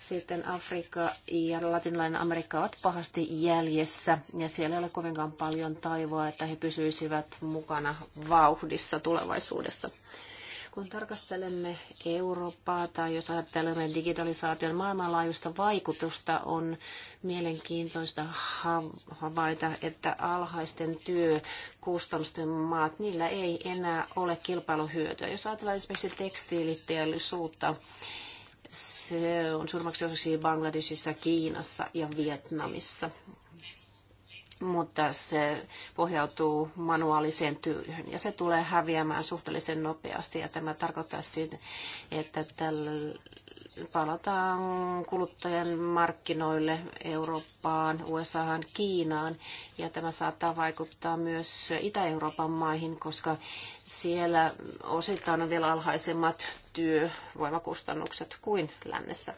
Sitten Afrikka ja latinalainen Amerikka ovat pahasti jäljessä ja siellä ei ole kovinkaan paljon taivoa, että he pysyisivät mukana vauhdissa tulevaisuudessa. Kun tarkastelemme Eurooppaa tai jos ajattelemme digitalisaation maailmanlaajuista vaikutusta, on mielenkiintoista havaita, että alhaisten työkustannusten maat, niillä ei enää ole kilpailuhyötyä. Jos ajatellaan esimerkiksi tekstiiliteollisuutta, se on suurimmaksi osaksi Bangladesissa, Kiinassa ja Vietnamissa mutta se pohjautuu manuaaliseen työhön ja se tulee häviämään suhteellisen nopeasti ja tämä tarkoittaa sitä, että tällä palataan kuluttajan markkinoille Eurooppaan, USAhan, Kiinaan ja tämä saattaa vaikuttaa myös Itä-Euroopan maihin, koska siellä osittain on vielä alhaisemmat työvoimakustannukset kuin lännessä.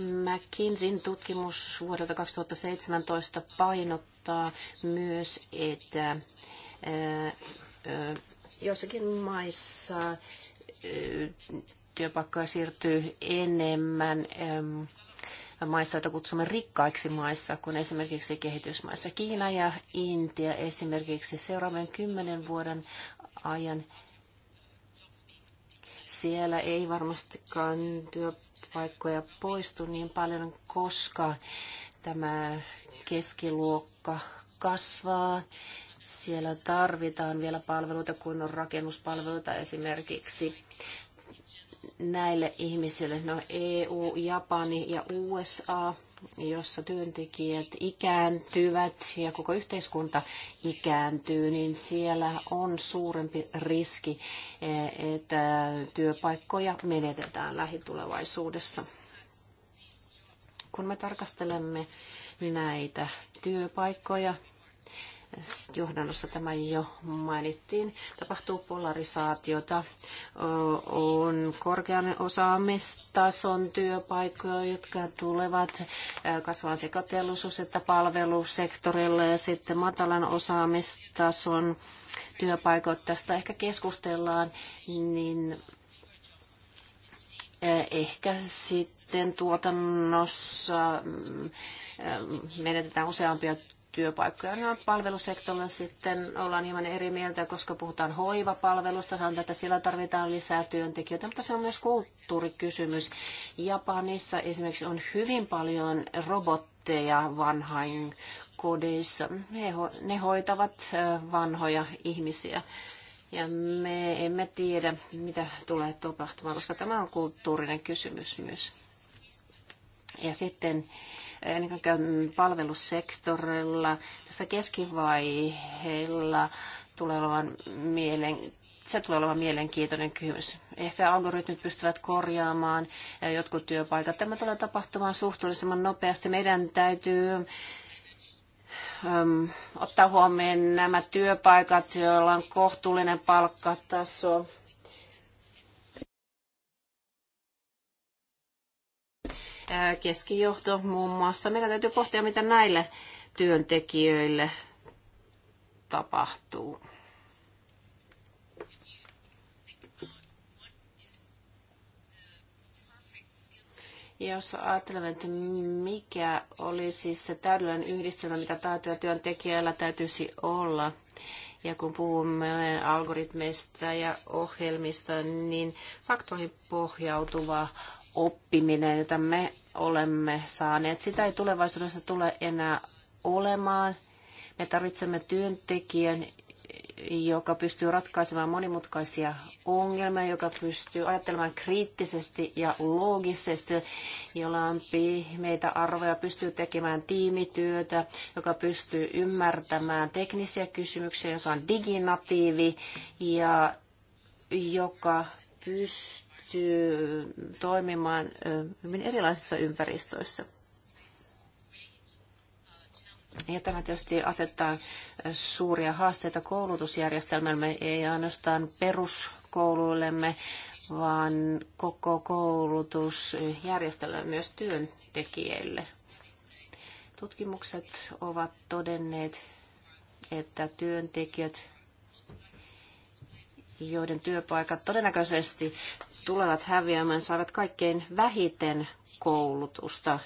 McKinseyn tutkimus vuodelta 2017 painottaa myös, että joissakin maissa työpaikkoja siirtyy enemmän maissa, joita kutsumme rikkaiksi maissa, kuin esimerkiksi kehitysmaissa. Kiina ja Intia esimerkiksi seuraavan kymmenen vuoden ajan siellä ei varmastikaan työpaikkoja poistu niin paljon, koska tämä keskiluokka kasvaa. Siellä tarvitaan vielä palveluita, kun on rakennuspalveluita esimerkiksi näille ihmisille. No EU, Japani ja USA jossa työntekijät ikääntyvät ja koko yhteiskunta ikääntyy, niin siellä on suurempi riski, eh, että työpaikkoja menetetään lähitulevaisuudessa. Kun me tarkastelemme näitä työpaikkoja, johdannossa tämä jo mainittiin, tapahtuu polarisaatiota. On korkean osaamistason työpaikkoja, jotka tulevat kasvaa sekä teollisuus- että palvelusektorille ja sitten matalan osaamistason työpaikot. Tästä ehkä keskustellaan, niin ehkä sitten tuotannossa menetetään useampia työpaikkoja. No, palvelusektorilla sitten ollaan hieman eri mieltä, koska puhutaan hoivapalvelusta, sanotaan, että siellä tarvitaan lisää työntekijöitä, mutta se on myös kulttuurikysymys. Japanissa esimerkiksi on hyvin paljon robotteja vanhain kodeissa. He, ne hoitavat vanhoja ihmisiä. Ja me emme tiedä, mitä tulee tapahtumaan, koska tämä on kulttuurinen kysymys myös. Ja sitten ennen kaikkea palvelusektorilla. Tässä keskivaiheilla tulee olemaan mielen, se tulee olemaan mielenkiintoinen kysymys. Ehkä algoritmit pystyvät korjaamaan eh, jotkut työpaikat. Tämä tulee tapahtumaan suhteellisimman nopeasti. Meidän täytyy ehm, ottaa huomioon nämä työpaikat, joilla on kohtuullinen palkkataso keskijohto muun muassa. Meidän täytyy pohtia, mitä näille työntekijöille tapahtuu. Jos ajattelemme, että mikä olisi se täydellinen yhdistelmä, mitä taitoja työntekijällä täytyisi olla, ja kun puhumme algoritmeista ja ohjelmista, niin faktoihin pohjautuva oppiminen, jota me olemme saaneet. Sitä ei tulevaisuudessa tule enää olemaan. Me tarvitsemme työntekijän, joka pystyy ratkaisemaan monimutkaisia ongelmia, joka pystyy ajattelemaan kriittisesti ja loogisesti, jolla on pihmeitä arvoja, pystyy tekemään tiimityötä, joka pystyy ymmärtämään teknisiä kysymyksiä, joka on diginatiivi ja joka pystyy pystyy toimimaan hyvin erilaisissa ympäristöissä. Ja tämä tietysti asettaa suuria haasteita koulutusjärjestelmämme, ei ainoastaan peruskouluillemme, vaan koko koulutusjärjestelmä myös työntekijöille. Tutkimukset ovat todenneet, että työntekijät, joiden työpaikat todennäköisesti tulevat häviämään saavat kaikkein vähiten koulutusta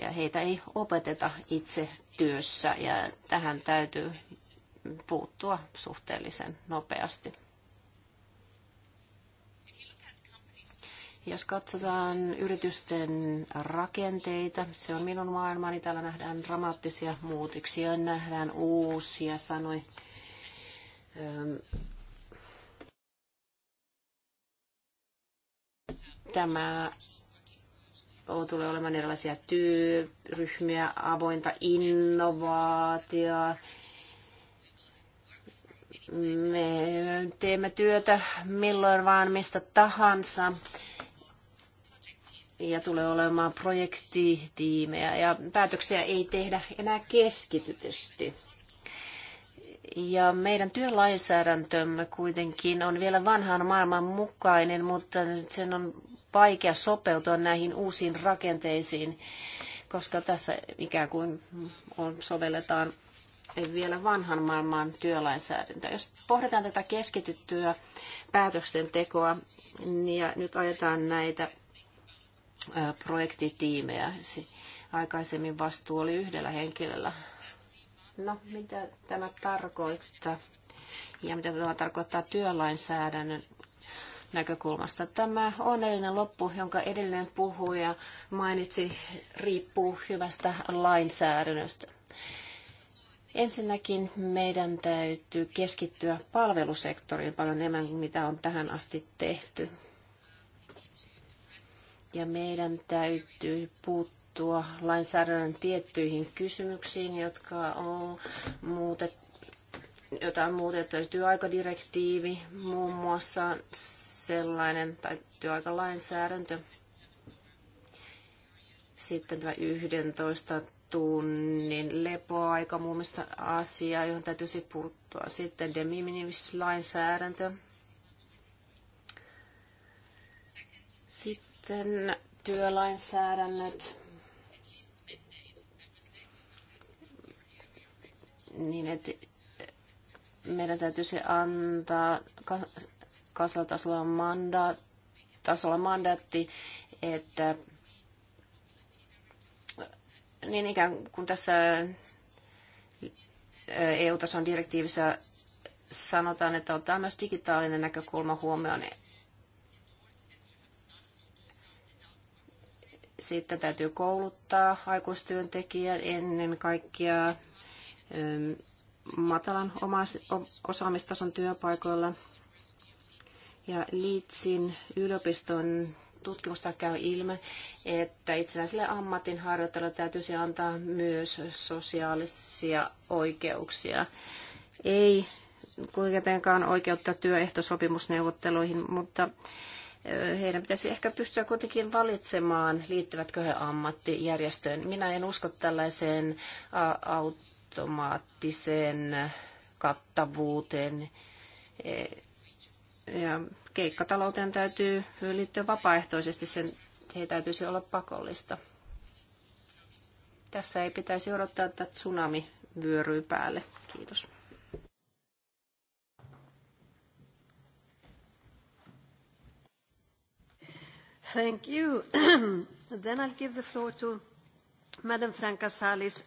ja heitä ei opeteta itse työssä ja tähän täytyy puuttua suhteellisen nopeasti. Jos katsotaan yritysten rakenteita, se on minun maailmani, täällä nähdään dramaattisia muutoksia, nähdään uusia sanoja Tämä tulee olemaan erilaisia työryhmiä, avointa innovaatiota. Me teemme työtä milloin vaan mistä tahansa ja tulee olemaan projektitiimejä ja päätöksiä ei tehdä enää keskitytysti. Ja meidän työlainsäädäntömme kuitenkin on vielä vanhan maailman mukainen, mutta sen on vaikea sopeutua näihin uusiin rakenteisiin, koska tässä ikään kuin on, sovelletaan vielä vanhan maailman työlainsäädäntöä. Jos pohditaan tätä keskityttyä päätöksentekoa niin ja nyt ajetaan näitä projektitiimejä. Aikaisemmin vastuu oli yhdellä henkilöllä. No, mitä tämä tarkoittaa? Ja mitä tämä tarkoittaa työlainsäädännön näkökulmasta. Tämä onnellinen loppu, jonka edellinen puhuja mainitsi, riippuu hyvästä lainsäädännöstä. Ensinnäkin meidän täytyy keskittyä palvelusektoriin paljon enemmän kuin mitä on tähän asti tehty. Ja meidän täytyy puuttua lainsäädännön tiettyihin kysymyksiin, jotka on muutettu jota on muutettu työaikadirektiivi muun muassa sellainen tai työaikalainsäädäntö. Sitten tämä 11 tunnin lepoaika muun muassa asia, johon täytyisi puuttua. Sitten de minimis lainsäädäntö. Sitten työlainsäädännöt. Niin, että meidän täytyisi antaa kansallisella tasolla, manda, tasolla mandaatti, että niin ikään kuin tässä EU-tason direktiivissä sanotaan, että ottaa myös digitaalinen näkökulma huomioon. Sitten täytyy kouluttaa aikuistyöntekijä ennen kaikkea matalan osaamistason työpaikoilla – ja Liitsin yliopiston tutkimusta käy ilme, että itsenäisille ammatinharjoittajille täytyisi antaa myös sosiaalisia oikeuksia. Ei kuitenkaan oikeutta työehtosopimusneuvotteluihin, mutta heidän pitäisi ehkä pystyä kuitenkin valitsemaan, liittyvätkö he ammattijärjestöön. Minä en usko tällaiseen automaattiseen kattavuuteen e, ja keikkatalouteen täytyy liittyä vapaaehtoisesti, sen ei täytyisi olla pakollista. Tässä ei pitäisi odottaa, että tsunami vyöryy päälle. Kiitos.
Thank you. Then I'll give the floor to Madam Franca Salis.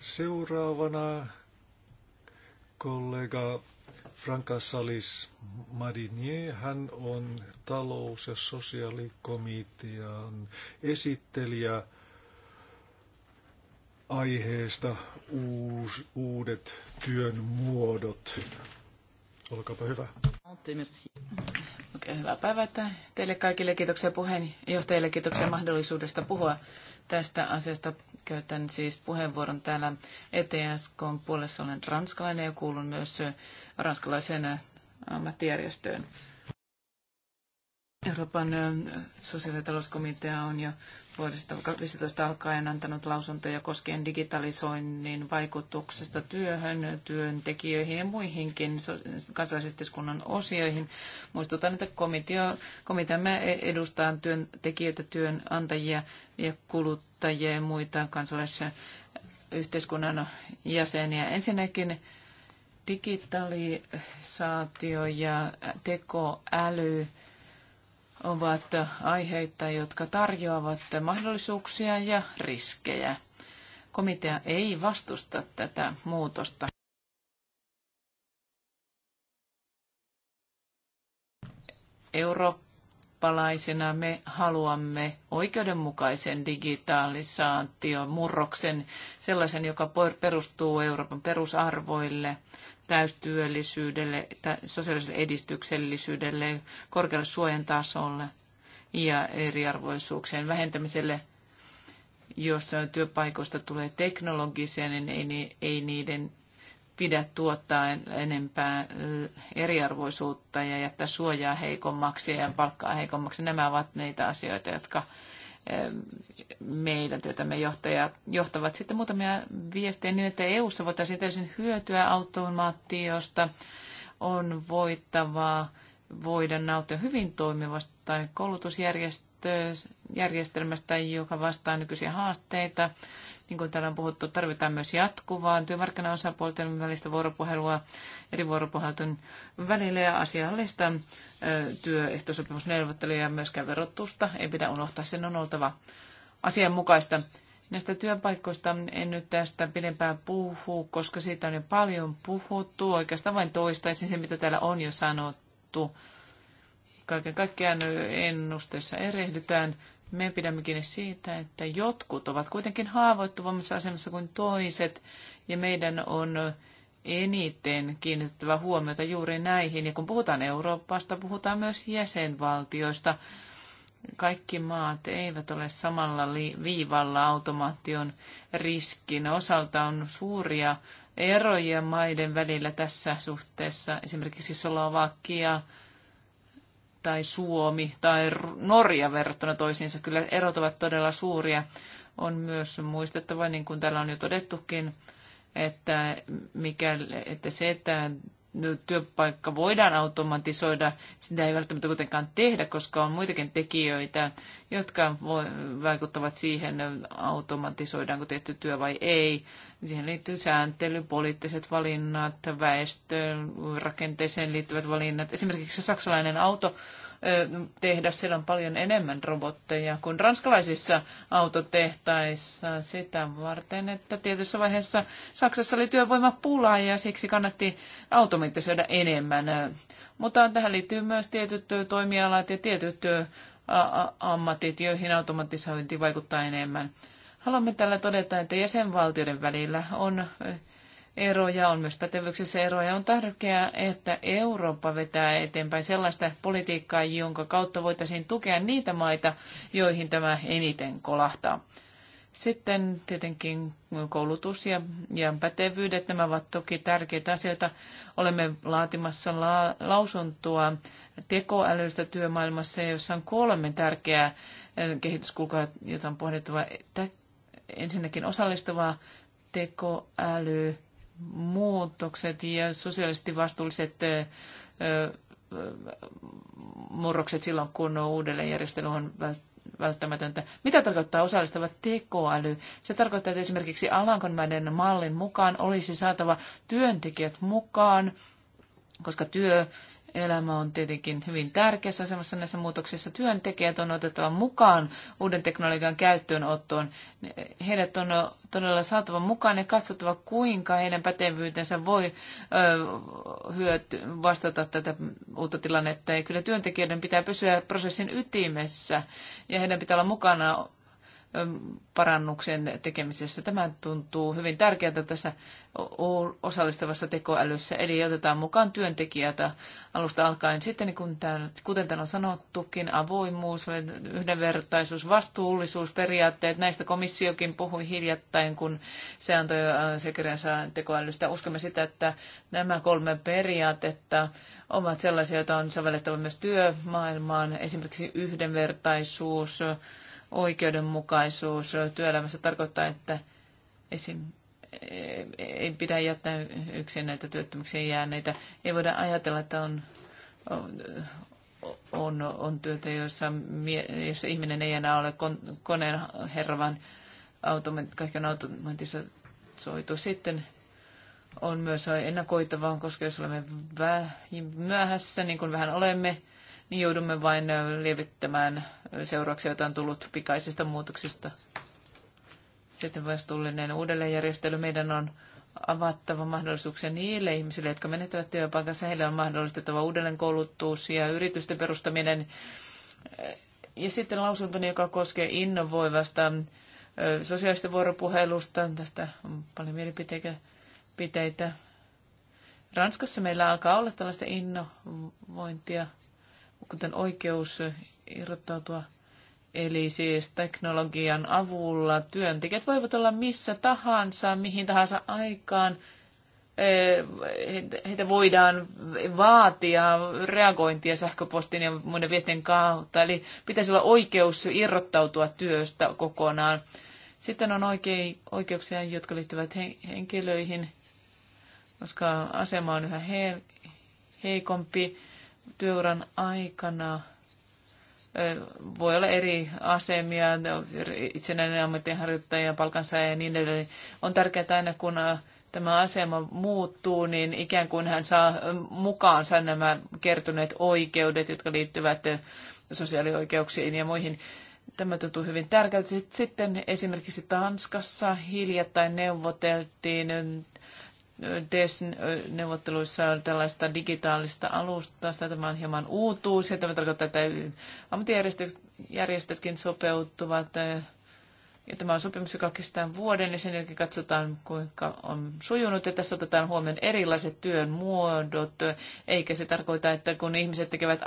Seuraavana kollega Franka Salis Madinier. Hän on talous- ja sosiaalikomitean esittelijä aiheesta uus, uudet työn muodot. Olkaapa hyvä.
Okay, hyvää päivää teille kaikille. Kiitoksia puheenjohtajille. Kiitoksia mahdollisuudesta puhua Tästä asiasta käytän siis puheenvuoron täällä ETSKn puolessa. Olen ranskalainen ja kuulun myös ranskalaiseen ammattijärjestöön. Euroopan sosiaali- ja talouskomitea on jo vuodesta 2015 alkaen antanut lausuntoja koskien digitalisoinnin vaikutuksesta työhön, työntekijöihin ja muihinkin kansalaisyhteiskunnan osioihin. Muistutan, että komitea, komiteamme e-, edustaa työntekijöitä, työnantajia ja kuluttajia ja muita kansalaisyhteiskunnan jäseniä. Ensinnäkin digitalisaatio ja tekoäly ovat aiheita, jotka tarjoavat mahdollisuuksia ja riskejä. Komitea ei vastusta tätä muutosta. Eurooppalaisena me haluamme oikeudenmukaisen digitalisaation murroksen, sellaisen, joka perustuu Euroopan perusarvoille, täystyöllisyydelle, sosiaaliselle edistyksellisyydelle, korkealle suojan tasolle ja eriarvoisuuksien vähentämiselle. Jos työpaikoista tulee teknologisia, niin ei, niiden pidä tuottaa enempää eriarvoisuutta ja jättää suojaa heikommaksi ja palkkaa heikommaksi. Nämä ovat niitä asioita, jotka meidän työtämme johtajat johtavat sitten muutamia viestejä niin, että EU-ssa voitaisiin täysin hyötyä automaatiosta. On voittavaa voida nauttia hyvin toimivasta koulutusjärjestelmästä, joka vastaa nykyisiä haasteita. Niin kuin täällä on puhuttu, tarvitaan myös jatkuvaa työmarkkinaosapuolten välistä vuoropuhelua eri vuoropuhelun välillä ja asiallista työehtosopimusneuvotteluja ja myöskään verotusta. Ei pidä unohtaa, sen on oltava asianmukaista. Näistä työpaikoista en nyt tästä pidempään puhu, koska siitä on jo paljon puhuttu. Oikeastaan vain toistaisin se, mitä täällä on jo sanottu. Kaiken kaikkiaan ennusteessa erehdytään me pidämme kiinni siitä, että jotkut ovat kuitenkin haavoittuvammassa asemassa kuin toiset, ja meidän on eniten kiinnitettävä huomiota juuri näihin. Ja kun puhutaan Euroopasta, puhutaan myös jäsenvaltioista. Kaikki maat eivät ole samalla viivalla automaation riskin. Osalta on suuria eroja maiden välillä tässä suhteessa. Esimerkiksi Slovakia, tai Suomi tai Norja verrattuna toisiinsa. Kyllä erot ovat todella suuria. On myös muistettava, niin kuin täällä on jo todettukin, että, mikä, että se, että työpaikka voidaan automatisoida, sitä ei välttämättä kuitenkaan tehdä, koska on muitakin tekijöitä, jotka vaikuttavat siihen, automatisoidaanko tehty työ vai ei. Siihen liittyy sääntely, poliittiset valinnat, väestöön, rakenteeseen liittyvät valinnat. Esimerkiksi saksalainen auto tehdä. Siellä on paljon enemmän robotteja kuin ranskalaisissa autotehtaissa sitä varten, että tietyssä vaiheessa Saksassa oli työvoimapula ja siksi kannatti automatisoida enemmän. Mutta tähän liittyy myös tietyt toimialat ja tietyt ammatit, joihin automatisointi vaikuttaa enemmän. Haluamme tällä todeta, että jäsenvaltioiden välillä on eroja, on myös pätevyyksissä eroja. On tärkeää, että Eurooppa vetää eteenpäin sellaista politiikkaa, jonka kautta voitaisiin tukea niitä maita, joihin tämä eniten kolahtaa. Sitten tietenkin koulutus ja, ja pätevyydet, nämä ovat toki tärkeitä asioita. Olemme laatimassa la, lausuntoa tekoälystä työmaailmassa, jossa on kolme tärkeää eh, kehityskulkua, jota on pohdittava. Ensinnäkin osallistuvaa tekoäly, muutokset ja sosiaalisesti vastuulliset murrokset silloin, kun uudelleenjärjestely on välttämätöntä. Mitä tarkoittaa osallistava tekoäly? Se tarkoittaa, että esimerkiksi Alankonmäiden mallin mukaan olisi saatava työntekijät mukaan, koska työ Elämä on tietenkin hyvin tärkeässä asemassa näissä muutoksissa. Työntekijät on otettava mukaan uuden teknologian käyttöönottoon. Heidät on todella saatava mukaan ja katsottava, kuinka heidän pätevyytensä voi ö, hyöty, vastata tätä uutta tilannetta. Ja kyllä työntekijöiden pitää pysyä prosessin ytimessä ja heidän pitää olla mukana parannuksen tekemisessä. Tämä tuntuu hyvin tärkeältä tässä osallistavassa tekoälyssä, eli otetaan mukaan työntekijät alusta alkaen. Sitten niin kun tämän, kuten täällä on sanottukin, avoimuus, yhdenvertaisuus, vastuullisuus, periaatteet, näistä komissiokin puhui hiljattain, kun se antoi sekirjansa tekoälystä. Uskomme sitä, että nämä kolme periaatetta ovat sellaisia, joita on sovellettava myös työmaailmaan, esimerkiksi yhdenvertaisuus, oikeudenmukaisuus työelämässä tarkoittaa, että esim. ei pidä jättää yksin näitä työttömyksiä jääneitä. Ei voida ajatella, että on, on, on, on työtä, jossa, jossa ihminen ei enää ole kon, koneen herra, vaan automat, kaikki on automatisoitu. Sitten on myös ennakoitavaa, koska jos olemme myöhässä, niin kuin vähän olemme, niin joudumme vain lievittämään seurauksia, joita on tullut pikaisista muutoksista. Sitten vastuullinen uudelleenjärjestely. Meidän on avattava mahdollisuuksia niille ihmisille, jotka menettävät työpaikassa. Heille on mahdollistettava uudelleenkoulutus ja yritysten perustaminen. Ja sitten lausuntoni, joka koskee innovoivasta sosiaalista vuoropuhelusta. Tästä on paljon mielipiteitä. Ranskassa meillä alkaa olla tällaista innovointia kuten oikeus irrottautua. Eli siis teknologian avulla työntekijät voivat olla missä tahansa, mihin tahansa aikaan. Heitä voidaan vaatia reagointia sähköpostin ja muiden viestien kautta. Eli pitäisi olla oikeus irrottautua työstä kokonaan. Sitten on oikeuksia, jotka liittyvät henkilöihin, koska asema on yhä heikompi työuran aikana voi olla eri asemia, itsenäinen ammattiharjoittaja, palkansaaja ja niin edelleen. On tärkeää aina, kun tämä asema muuttuu, niin ikään kuin hän saa mukaansa nämä kertyneet oikeudet, jotka liittyvät sosiaalioikeuksiin ja muihin. Tämä tuntuu hyvin tärkeältä. Sitten esimerkiksi Tanskassa hiljattain neuvoteltiin DES-neuvotteluissa tällaista digitaalista alustasta. Tämä on hieman uutuus ja tämä tarkoittaa, että ammattijärjestötkin sopeutuvat. Ja tämä on sopimus, joka kestää vuoden ja sen jälkeen katsotaan, kuinka on sujunut. Ja tässä otetaan huomioon erilaiset työn muodot, eikä se tarkoita, että kun ihmiset tekevät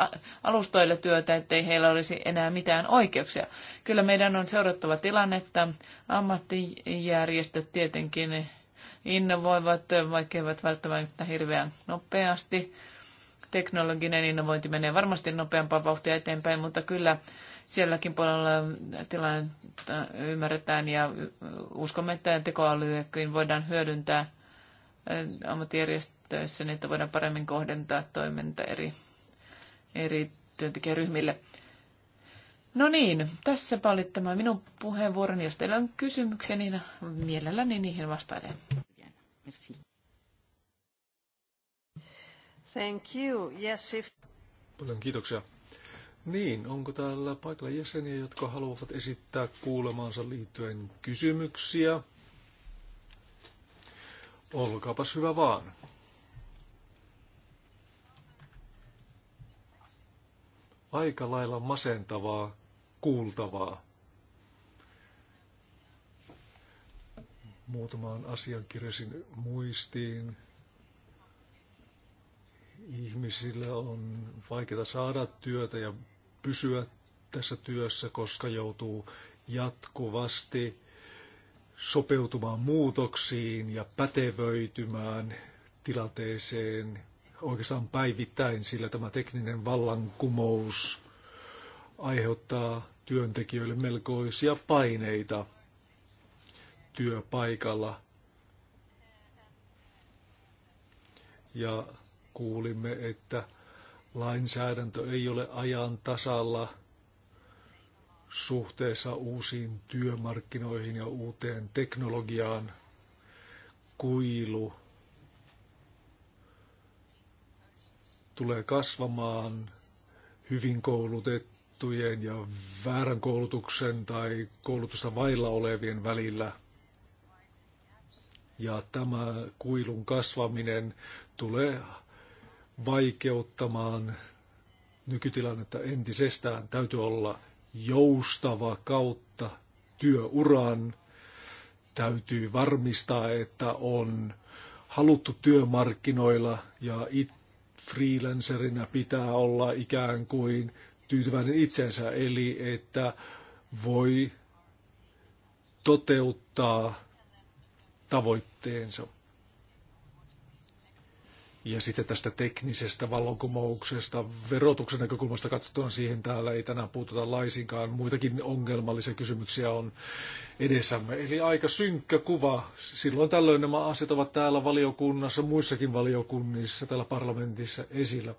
alustoille työtä, ettei heillä olisi enää mitään oikeuksia. Kyllä meidän on seurattava tilannetta. Ammattijärjestöt tietenkin innovoivat, vaikka eivät välttämättä hirveän nopeasti. Teknologinen innovointi menee varmasti nopeampaa vauhtia eteenpäin, mutta kyllä sielläkin puolella tilannetta ymmärretään ja uskomme, että tekoälyäkin voidaan hyödyntää ammattijärjestöissä, niin että voidaan paremmin kohdentaa toiminta eri, eri työntekijäryhmille. No niin, tässä oli tämä minun puheenvuoroni. Jos teillä on kysymyksiä, niin mielelläni niihin vastailen.
Merci.
Thank you. Yes, if...
Paljon kiitoksia. Niin, onko täällä paikalla jäseniä, jotka haluavat esittää kuulemaansa liittyen kysymyksiä? Olkaapas hyvä vaan. Aika lailla masentavaa kuultavaa. muutamaan asian muistiin. Ihmisillä on vaikeaa saada työtä ja pysyä tässä työssä, koska joutuu jatkuvasti sopeutumaan muutoksiin ja pätevöitymään tilanteeseen oikeastaan päivittäin, sillä tämä tekninen vallankumous aiheuttaa työntekijöille melkoisia paineita – työpaikalla. Ja kuulimme, että lainsäädäntö ei ole ajan tasalla suhteessa uusiin työmarkkinoihin ja uuteen teknologiaan. Kuilu tulee kasvamaan hyvin koulutettujen ja väärän koulutuksen tai koulutusta vailla olevien välillä ja tämä kuilun kasvaminen tulee vaikeuttamaan nykytilannetta entisestään. Täytyy olla joustava kautta työuran. Täytyy varmistaa, että on haluttu työmarkkinoilla ja it, freelancerina pitää olla ikään kuin tyytyväinen itsensä, eli että voi toteuttaa tavoitteensa. Ja sitten tästä teknisestä vallankumouksesta verotuksen näkökulmasta katsottuna siihen täällä ei tänään puututa laisinkaan. Muitakin ongelmallisia kysymyksiä on edessämme. Eli aika synkkä kuva. Silloin tällöin nämä asiat ovat täällä valiokunnassa, muissakin valiokunnissa, täällä parlamentissa esillä.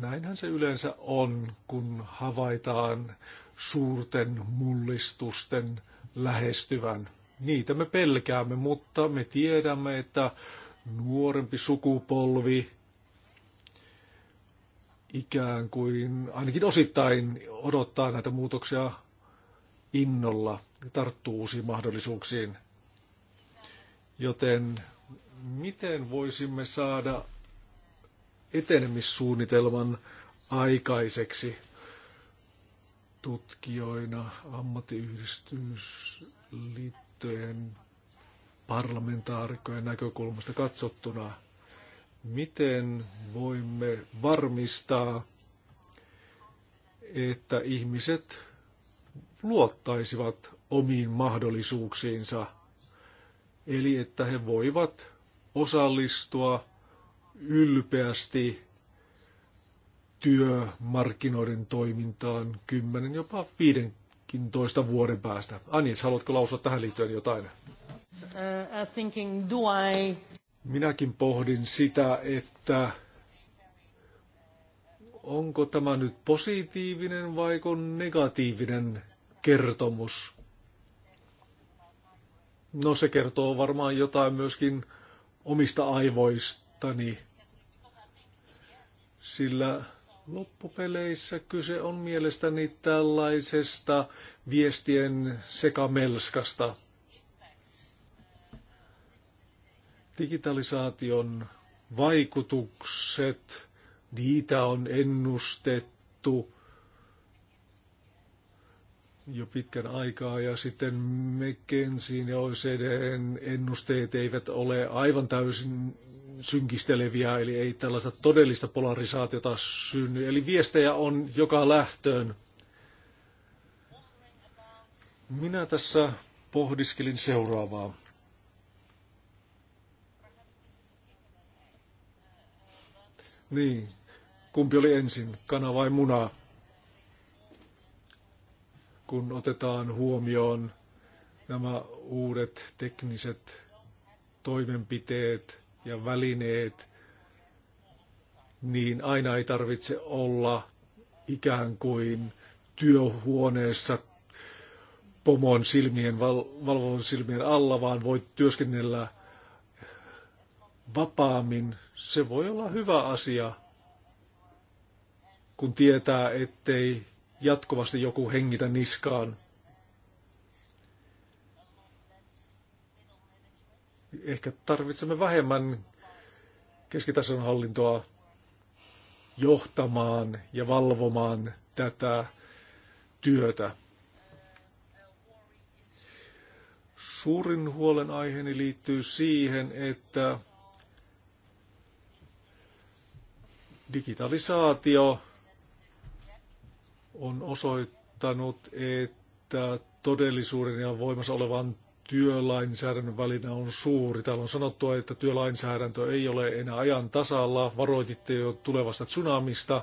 Näinhän se yleensä on, kun havaitaan suurten mullistusten lähestyvän. Niitä me pelkäämme, mutta me tiedämme, että nuorempi sukupolvi ikään kuin ainakin osittain odottaa näitä muutoksia innolla ja tarttuu uusiin mahdollisuuksiin. Joten miten voisimme saada etenemissuunnitelman aikaiseksi tutkijoina, ammattiyhdistysliittoina? liittojen parlamentaarikkojen näkökulmasta katsottuna, miten voimme varmistaa, että ihmiset luottaisivat omiin mahdollisuuksiinsa, eli että he voivat osallistua ylpeästi työmarkkinoiden toimintaan 10 jopa 50 toista vuoden päästä. Anis, haluatko lausua tähän liittyen jotain?
Uh, thinking, do I...
Minäkin pohdin sitä, että onko tämä nyt positiivinen vai negatiivinen kertomus. No se kertoo varmaan jotain myöskin omista aivoistani, sillä Loppupeleissä kyse on mielestäni tällaisesta viestien sekamelskasta. Digitalisaation vaikutukset, niitä on ennustettu jo pitkän aikaa ja sitten McKensin ja OECDn ennusteet eivät ole aivan täysin synkisteleviä, eli ei tällaista todellista polarisaatiota synny. Eli viestejä on joka lähtöön. Minä tässä pohdiskelin seuraavaa. Niin, kumpi oli ensin, kana vai muna? Kun otetaan huomioon nämä uudet tekniset toimenpiteet, ja välineet, niin aina ei tarvitse olla ikään kuin työhuoneessa pomon silmien, val, valvon silmien alla, vaan voi työskennellä vapaammin. Se voi olla hyvä asia, kun tietää, ettei jatkuvasti joku hengitä niskaan. ehkä tarvitsemme vähemmän keskitason hallintoa johtamaan ja valvomaan tätä työtä. Suurin huolenaiheeni liittyy siihen, että digitalisaatio on osoittanut, että todellisuuden ja voimassa olevan työlainsäädännön välinä on suuri. Täällä on sanottu, että työlainsäädäntö ei ole enää ajan tasalla. Varoititte jo tulevasta tsunamista.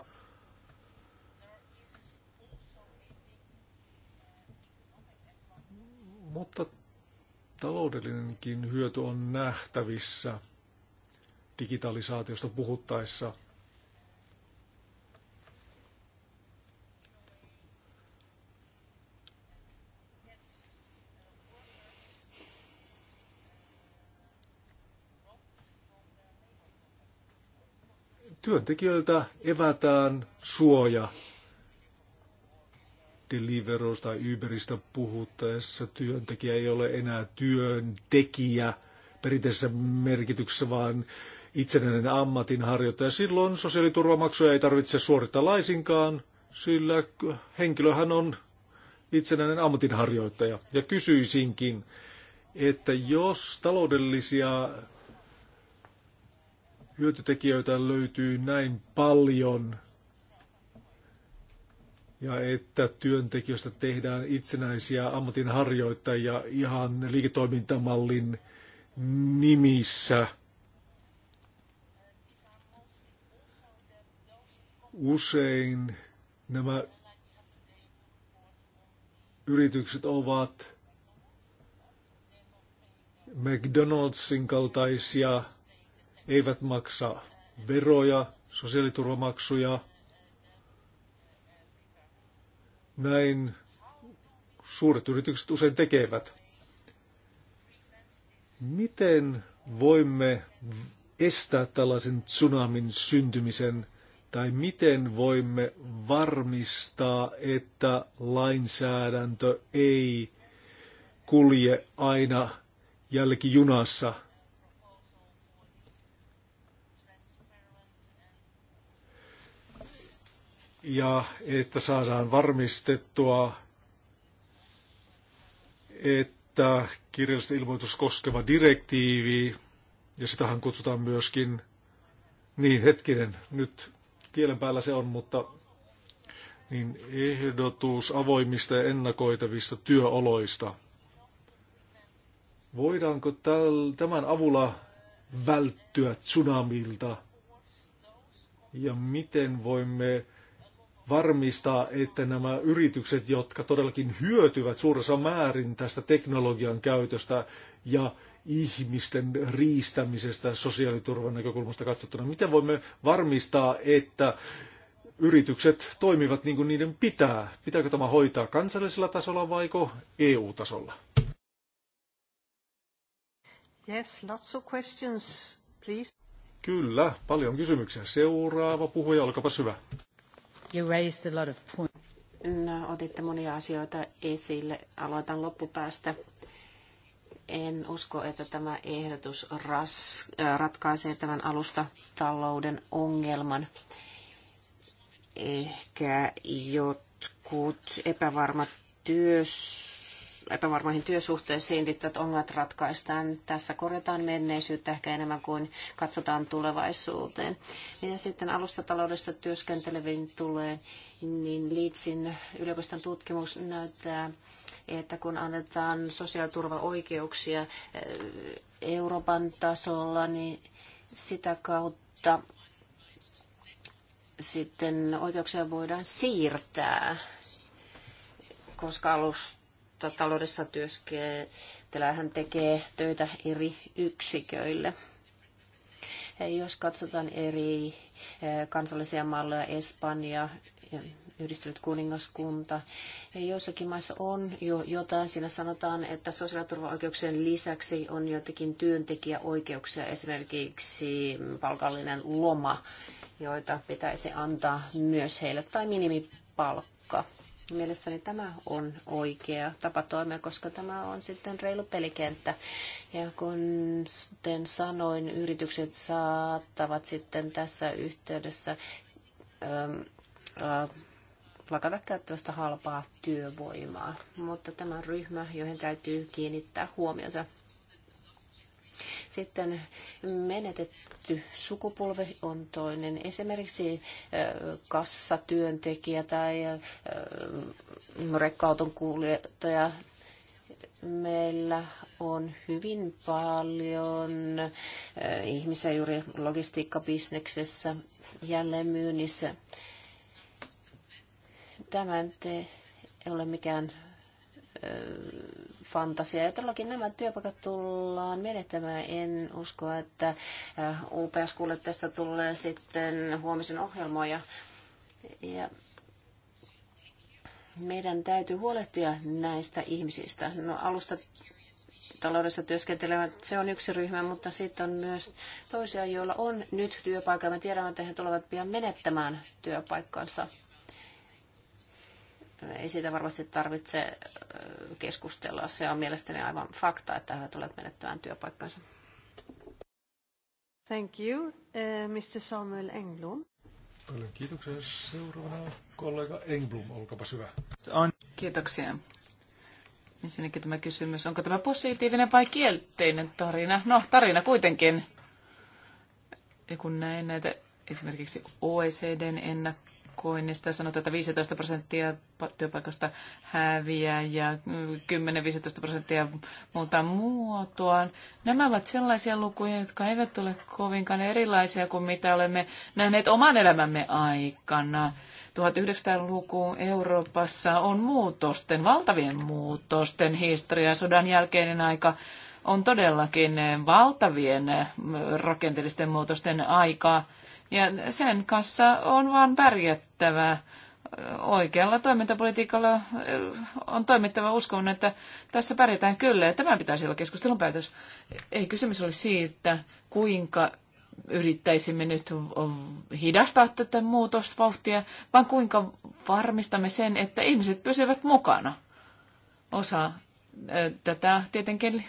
Mutta taloudellinenkin hyöty on nähtävissä digitalisaatiosta puhuttaessa – työntekijöiltä evätään suoja Deliveros tai Uberista puhuttaessa työntekijä ei ole enää työntekijä perinteisessä merkityksessä, vaan itsenäinen ammatinharjoittaja. Silloin sosiaaliturvamaksuja ei tarvitse suorittaa laisinkaan, sillä henkilöhän on itsenäinen ammatinharjoittaja. Ja kysyisinkin, että jos taloudellisia hyötytekijöitä löytyy näin paljon ja että työntekijöistä tehdään itsenäisiä ammatinharjoittajia ihan liiketoimintamallin nimissä. Usein nämä yritykset ovat McDonald'sin kaltaisia eivät maksa veroja, sosiaaliturvamaksuja. Näin suuret yritykset usein tekevät. Miten voimme estää tällaisen tsunamin syntymisen tai miten voimme varmistaa, että lainsäädäntö ei kulje aina jälkijunassa – ja että saadaan varmistettua, että kirjallista ilmoitus koskeva direktiivi, ja sitähän kutsutaan myöskin, niin hetkinen, nyt kielen päällä se on, mutta niin ehdotus avoimista ja ennakoitavista työoloista. Voidaanko tämän avulla välttyä tsunamilta? Ja miten voimme varmistaa, että nämä yritykset, jotka todellakin hyötyvät suuressa määrin tästä teknologian käytöstä ja ihmisten riistämisestä sosiaaliturvan näkökulmasta katsottuna, miten voimme varmistaa, että yritykset toimivat niin kuin niiden pitää? Pitääkö tämä hoitaa kansallisella tasolla vaiko EU-tasolla?
Yes, lots of questions, please.
Kyllä, paljon kysymyksiä. Seuraava puhuja, olkapas hyvä.
You raised a lot of points.
No, otitte monia asioita esille. Aloitan loppupäästä. En usko, että tämä ehdotus ras, äh, ratkaisee tämän alustatalouden ongelman. Ehkä jotkut epävarmat työs epävarmoihin työsuhteisiin liittyvät ongelmat ratkaistaan. Tässä korjataan menneisyyttä ehkä enemmän kuin katsotaan tulevaisuuteen. Mitä sitten alustataloudessa työskenteleviin tulee, niin Liitsin yliopiston tutkimus näyttää, että kun annetaan sosiaaliturvaoikeuksia eh, Euroopan tasolla, niin sitä kautta sitten oikeuksia voidaan siirtää koska alus, taloudessa työskentelee, hän tekee töitä eri yksiköille. Jos katsotaan eri eh, kansallisia malleja, Espanja, yhdistynyt kuningaskunta, joissakin maissa on jo jotain. Siinä sanotaan, että sosiaaliturvaoikeuksien lisäksi on joitakin työntekijäoikeuksia, esimerkiksi palkallinen loma, joita pitäisi antaa myös heille, tai minimipalkka. Mielestäni tämä on oikea tapa toimia, koska tämä on sitten reilu pelikenttä. Ja kun sitten sanoin, yritykset saattavat sitten tässä yhteydessä ähm, äh, lakata käyttävästä halpaa työvoimaa. Mutta tämä ryhmä, johon täytyy kiinnittää huomiota. Sitten menetetty tietty sukupolvi on toinen. Esimerkiksi kassatyöntekijä tai rekkauton kuljettaja. Meillä on hyvin paljon ihmisiä juuri logistiikkabisneksessä, jälleenmyynnissä. Tämän te ei ole mikään fantasia. Ja todellakin nämä työpaikat tullaan menettämään. En usko, että ups tästä tulee sitten huomisen ohjelmoja. Ja meidän täytyy huolehtia näistä ihmisistä. No, alusta taloudessa työskentelevät, se on yksi ryhmä, mutta sitten on myös toisia, joilla on nyt työpaikka. Me tiedämme, että he tulevat pian menettämään työpaikkansa. Ei siitä varmasti tarvitse keskustella. Se on mielestäni aivan fakta,
että he tulevat menettämään työpaikkansa.
Thank you, uh, eh, Mr. Samuel Engblom.
Paljon kiitoksia. Seuraavana kollega Engblom, olkapa hyvä.
On. Kiitoksia. Ensinnäkin tämä kysymys, onko tämä positiivinen vai kielteinen tarina? No, tarina kuitenkin. Ja kun näin näitä esimerkiksi OECDn tupakoinnista. Sanotaan, että 15 prosenttia työpaikoista häviää ja 10-15 prosenttia muuta muotoaan. Nämä ovat sellaisia lukuja, jotka eivät ole kovinkaan erilaisia kuin mitä olemme nähneet oman elämämme aikana. 1900-luku Euroopassa on muutosten, valtavien muutosten historia. Sodan jälkeinen aika on todellakin valtavien rakenteellisten muutosten aikaa ja sen kanssa on vaan pärjättävä. Oikealla toimintapolitiikalla eh, on toimittava uskon, että tässä pärjätään kyllä. Ja tämä pitäisi olla keskustelun päätös. Ei kysymys ole siitä, kuinka yrittäisimme nyt hidastaa tätä muutosvauhtia, vaan kuinka varmistamme sen, että ihmiset pysyvät mukana. Osa eh, tätä tietenkin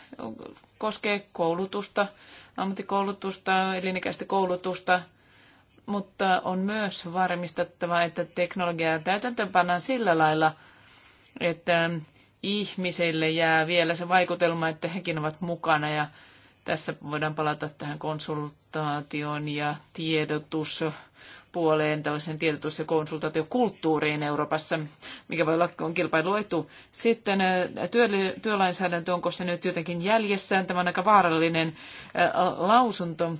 koskee koulutusta, ammattikoulutusta, elinikäistä koulutusta, mutta on myös varmistettava, että teknologiaa täytäntöpannaan sillä lailla, että ihmisille jää vielä se vaikutelma, että hekin ovat mukana ja tässä voidaan palata tähän konsultaation ja tiedotuspuoleen, tällaisen tiedotus- ja konsultaatiokulttuuriin Euroopassa, mikä voi olla on kilpailuetu. Sitten äh, työ, työlainsäädäntö, onko se nyt jotenkin jäljessään? Tämä on aika vaarallinen äh, lausunto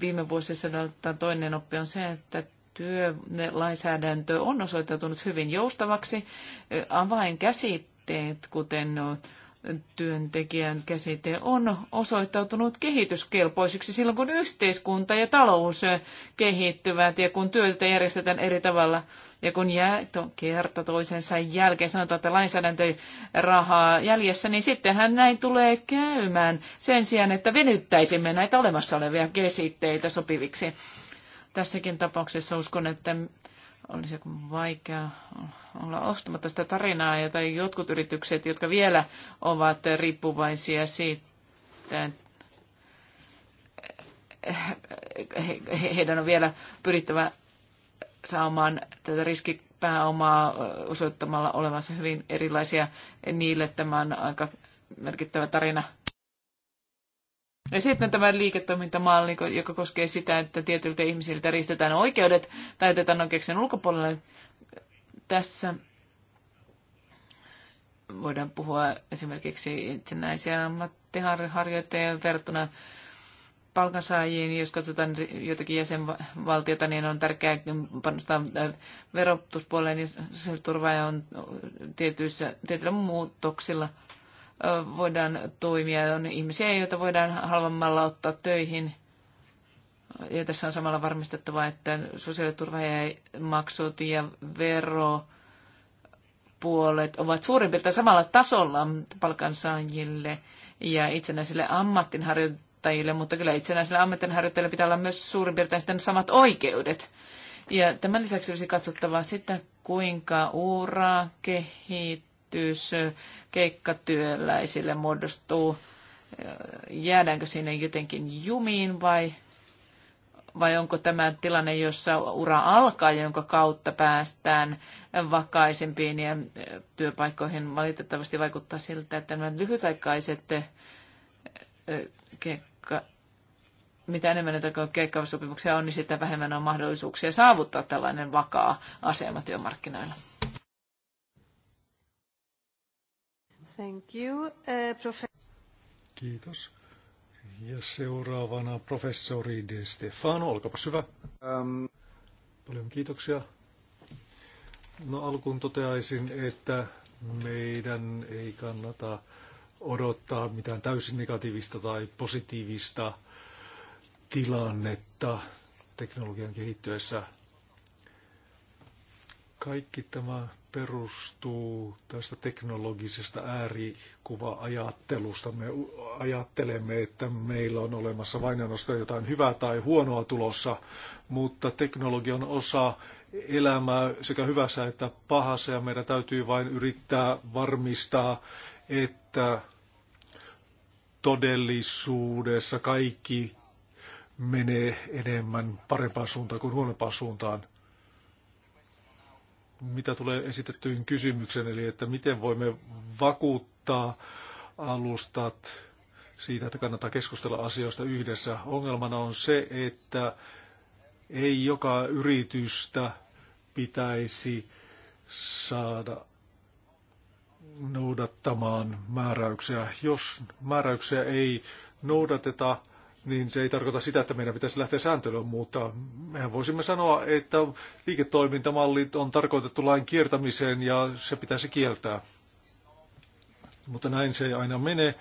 viime vuosisadalta toinen oppi on se, että työlainsäädäntö on osoittautunut hyvin joustavaksi. Avainkäsitteet, kuten työntekijän käsite, on osoittautunut kehityskelpoisiksi silloin, kun yhteiskunta ja talous kehittyvät ja kun työtä järjestetään eri tavalla – ja kun jää to, kerta toisensa jälkeen sanotaan, että rahaa jäljessä, niin sittenhän näin tulee käymään sen sijaan, että venyttäisimme näitä olemassa olevia käsitteitä sopiviksi. Tässäkin tapauksessa uskon, että olisi vaikea olla ostamatta sitä tarinaa, jota jotkut yritykset, jotka vielä ovat riippuvaisia siitä, heidän on vielä pyrittävä saamaan tätä riskipääomaa osoittamalla olevansa hyvin erilaisia. Niille tämä on aika merkittävä tarina. Ja sitten tämä liiketoimintamalli, joka koskee sitä, että tietyiltä ihmisiltä riistetään oikeudet tai otetaan oikeuksien ulkopuolelle. Tässä voidaan puhua esimerkiksi itsenäisiä ammattiharjoittajia verrattuna palkansaajiin. Jos katsotaan jotakin jäsenvaltiota, niin on tärkeää panostaa äh, verotuspuoleen ja niin sosiaaliturvaan ja on tietyissä, tietyillä muutoksilla äh, voidaan toimia. On ihmisiä, joita voidaan halvemmalla ottaa töihin. Ja tässä on samalla varmistettava, että sosiaaliturva ja maksut ja vero puolet ovat suurin piirtein samalla tasolla palkansaajille ja itsenäisille ammattinharjoittajille opettajille, mutta kyllä itsenäisillä ammatinharjoittajilla pitää olla myös suurin piirtein sitten samat oikeudet. Ja tämän lisäksi olisi katsottava sitä, kuinka ura, kehitys keikkatyöläisille muodostuu. Jäädäänkö sinne jotenkin jumiin vai, vai onko tämä tilanne, jossa ura alkaa ja jonka kautta päästään vakaisempiin ja työpaikkoihin valitettavasti vaikuttaa siltä, että nämä lyhytaikaiset mitä enemmän näitä keikkausopimuksia on, niin sitä vähemmän on mahdollisuuksia saavuttaa tällainen vakaa asema
työmarkkinoilla.
Thank you, uh,
Kiitos. Ja seuraavana professori De Stefano, olkaapa hyvä. Um. Paljon kiitoksia. No alkuun toteaisin, että meidän ei kannata odottaa mitään täysin negatiivista tai positiivista tilannetta teknologian kehittyessä. Kaikki tämä perustuu tästä teknologisesta äärikuva-ajattelusta. Me ajattelemme, että meillä on olemassa vain ainoastaan jotain hyvää tai huonoa tulossa, mutta teknologia on osa elämää sekä hyvässä että pahassa ja meidän täytyy vain yrittää varmistaa, että todellisuudessa kaikki menee enemmän parempaan suuntaan kuin huonompaan suuntaan. Mitä tulee esitettyyn kysymykseen, eli että miten voimme vakuuttaa alustat siitä, että kannattaa keskustella asioista yhdessä. Ongelmana on se, että ei joka yritystä pitäisi saada noudattamaan määräyksiä. Jos määräyksiä ei noudateta, niin se ei tarkoita sitä, että meidän pitäisi lähteä sääntelyyn muuttaa. Mehän voisimme sanoa, että liiketoimintamallit on tarkoitettu lain kiertämiseen ja se pitäisi kieltää. Mutta näin se ei aina mene.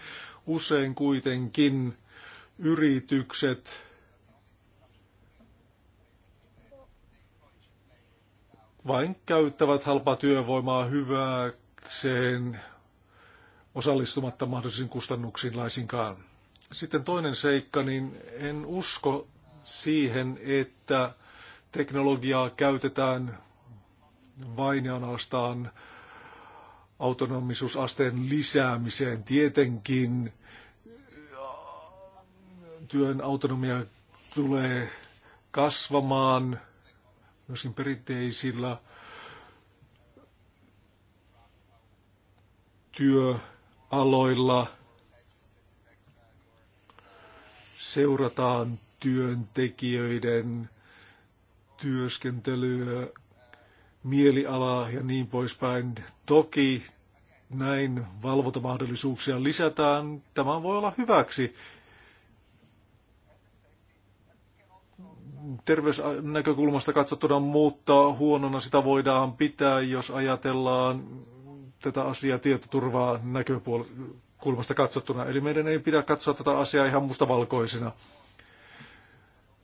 Usein kuitenkin yritykset vain käyttävät halpaa työvoimaa hyvää sen osallistumatta mahdollisiin kustannuksiin laisinkaan. Sitten toinen seikka, niin en usko siihen, että teknologiaa käytetään vain ja ainoastaan autonomisuusasteen lisäämiseen. Tietenkin äh, työn autonomia tulee kasvamaan myöskin perinteisillä työaloilla seurataan työntekijöiden työskentelyä, mielialaa ja niin poispäin. Toki näin valvontamahdollisuuksia lisätään. Tämä voi olla hyväksi. Terveysnäkökulmasta katsottuna, mutta huonona sitä voidaan pitää, jos ajatellaan tätä asiaa tietoturvaa näkökulmasta katsottuna. Eli meidän ei pidä katsoa tätä asiaa ihan mustavalkoisena.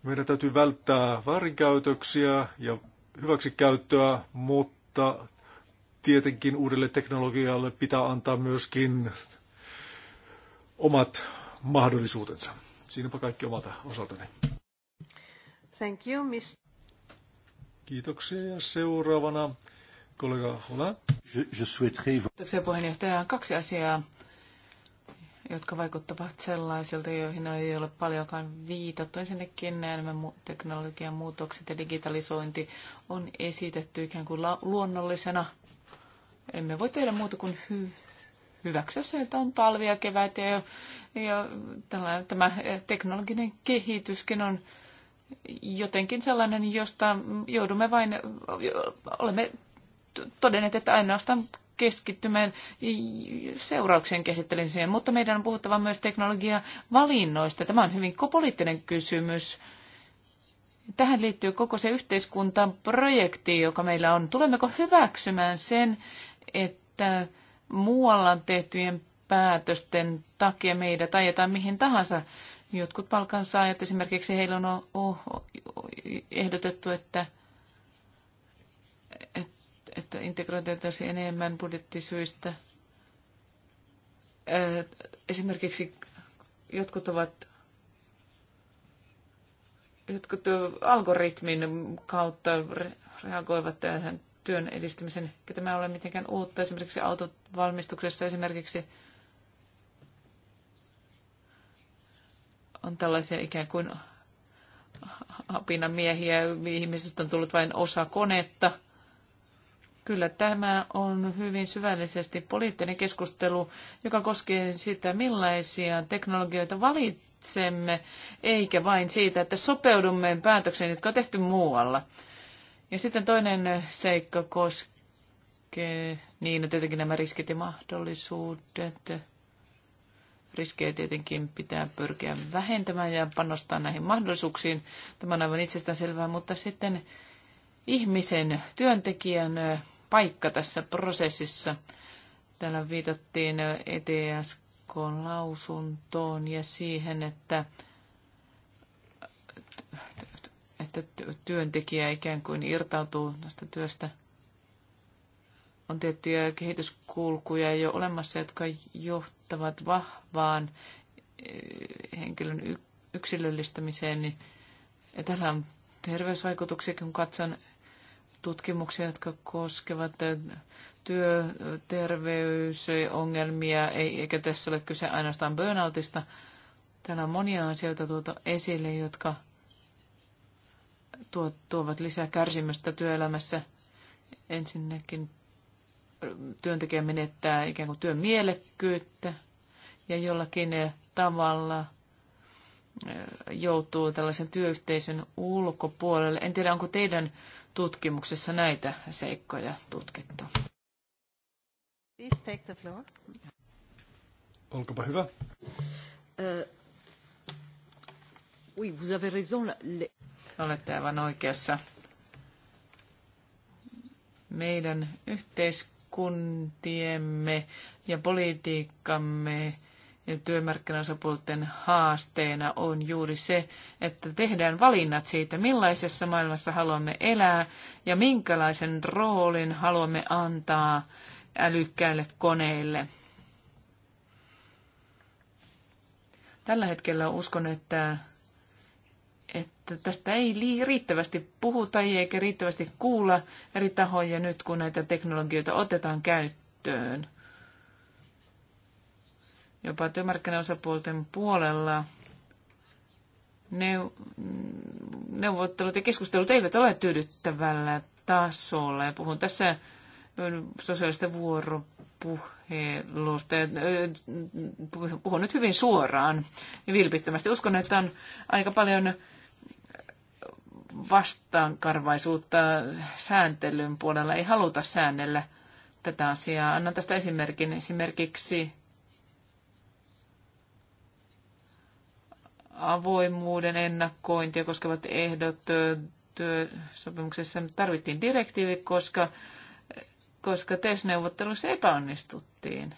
Meidän täytyy välttää väärinkäytöksiä ja hyväksikäyttöä, mutta tietenkin uudelle teknologialle pitää antaa myöskin omat mahdollisuutensa. Siinäpä kaikki omalta osaltani.
Thank you, miss.
Kiitoksia ja seuraavana Kollega Hola. Je, je souhaiterais...
Kiitoksia puheenjohtaja. Kaksi asiaa, jotka vaikuttavat sellaisilta, joihin ei ole paljonkaan viitattu. Ensinnäkin nämä teknologian muutokset ja digitalisointi on esitetty ikään kuin luonnollisena. Emme voi tehdä muuta kuin hy- hyväksyä se, että on talvi ja kevät ja, ja tällainen, tämä teknologinen kehityskin on jotenkin sellainen, josta joudumme vain, olemme todenneet, että ainoastaan keskittymään seurauksien käsittelemiseen, mutta meidän on puhuttava myös teknologiavalinnoista. Tämä on hyvin poliittinen kysymys. Tähän liittyy koko se yhteiskuntaan projekti, joka meillä on. Tulemmeko hyväksymään sen, että muualla tehtyjen päätösten takia meidät ajetaan mihin tahansa. Jotkut palkansaajat esimerkiksi heillä on ehdotettu, että, että että integroitaisiin enemmän budjettisyistä. Esimerkiksi jotkut ovat jotkut algoritmin kautta reagoivat tähän työn edistämisen, eikä tämä ole mitenkään uutta. Esimerkiksi autovalmistuksessa esimerkiksi on tällaisia ikään kuin apinamiehiä, ihmisistä on tullut vain osa konetta – Kyllä tämä on hyvin syvällisesti poliittinen keskustelu, joka koskee sitä, millaisia teknologioita valitsemme, eikä vain siitä, että sopeudumme päätöksiin, jotka on tehty muualla. Ja sitten toinen seikka koskee, niin no tietenkin nämä riskit ja mahdollisuudet. Riskejä tietenkin pitää pyrkiä vähentämään ja panostaa näihin mahdollisuuksiin. Tämä on aivan itsestään mutta sitten ihmisen, työntekijän paikka tässä prosessissa. Täällä viitattiin ETSK-lausuntoon ja siihen, että, että työntekijä ikään kuin irtautuu tästä työstä. On tiettyjä kehityskulkuja jo olemassa, jotka johtavat vahvaan eh, henkilön yksilöllistämiseen. Niin tällä on terveysvaikutuksia, kun katson tutkimuksia, jotka koskevat työterveysongelmia, eikä tässä ole kyse ainoastaan burnoutista. Täällä on monia asioita tuota esille, jotka tuovat lisää kärsimystä työelämässä. Ensinnäkin työntekijä menettää ikään kuin työn mielekkyyttä ja jollakin tavalla joutuu tällaisen työyhteisön ulkopuolelle. En tiedä, onko teidän Tutkimuksessa näitä seikkoja
tutkittu.
Please take the floor. Olkapa hyvä. Uh, oui, vous avez raison. Le...
Olette aivan oikeassa. Meidän yhteiskuntiemme ja politiikkamme työmarkkinaosapuolten haasteena on juuri se, että tehdään valinnat siitä, millaisessa maailmassa haluamme elää ja minkälaisen roolin haluamme antaa älykkäille koneille. Tällä hetkellä uskon, että, että tästä ei riittävästi puhuta eikä riittävästi kuulla eri tahoja nyt, kun näitä teknologioita otetaan käyttöön jopa työmarkkinaosapuolten puolella neuvottelut ja keskustelut eivät ole tyydyttävällä tasolla. Ja puhun tässä mm, sosiaalista vuoropuhelusta. Puhun nyt hyvin suoraan ja vilpittömästi. Uskon, että on aika paljon vastaankarvaisuutta sääntelyn puolella. Ei haluta säännellä tätä asiaa. Annan tästä esimerkin. Esimerkiksi avoimuuden ennakkointia koskevat ehdot työsopimuksessa tarvittiin direktiivi, koska, koska TES-neuvottelussa epäonnistuttiin.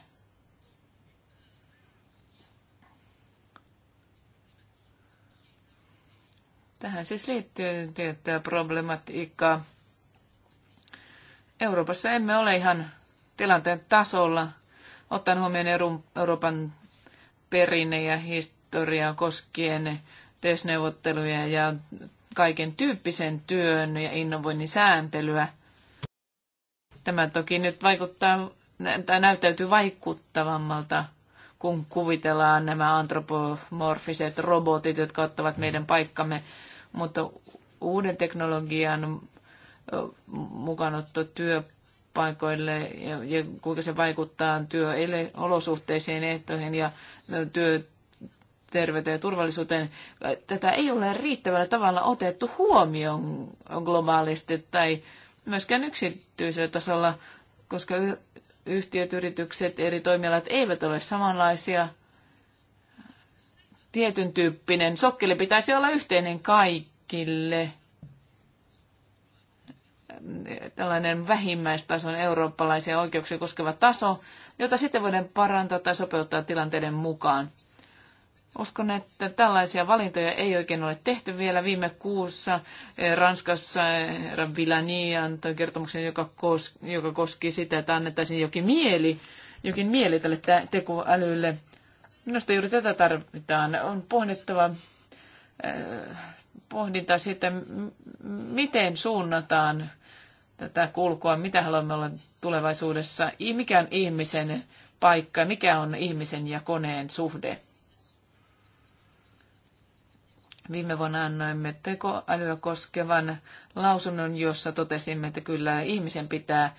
Tähän siis liittyy tiettyä problematiikkaa. Euroopassa emme ole ihan tilanteen tasolla, ottaen huomioon Euroopan perinne ja historia sektoria koskien TES-neuvotteluja ja kaiken tyyppisen työn ja innovoinnin sääntelyä. Tämä toki nyt vaikuttaa, tai näyttäytyy vaikuttavammalta, kun kuvitellaan nämä antropomorfiset robotit, jotka ottavat meidän paikkamme, mutta uuden teknologian mukanotto työpaikoille ja, ja kuinka se vaikuttaa työolosuhteisiin, ehtoihin ja työ, terveyteen ja turvallisuuteen, äh, tätä ei ole riittävällä tavalla otettu huomioon globaalisti tai myöskään yksityisellä tasolla, koska yhtiöt, yritykset, eri toimialat eivät ole samanlaisia. Tietyn tyyppinen sokkeli pitäisi olla yhteinen kaikille. Tällainen vähimmäistason eurooppalaisia oikeuksia koskeva taso, jota sitten voidaan parantaa tai sopeuttaa tilanteiden mukaan. Uskon, että tällaisia valintoja ei oikein ole tehty vielä viime kuussa. Eh, Ranskassa eh, herra antoi kertomuksen, joka, kos, joka koski sitä, että annettaisiin jokin mieli, jokin mieli tälle tekoälylle. Minusta juuri tätä tarvitaan. On pohdittava eh, pohdinta siitä, miten suunnataan tätä kulkua, mitä haluamme olla tulevaisuudessa, mikä on ihmisen paikka, mikä on ihmisen ja koneen suhde. Viime vuonna annoimme tekoälyä koskevan lausunnon, jossa totesimme, että kyllä ihmisen pitää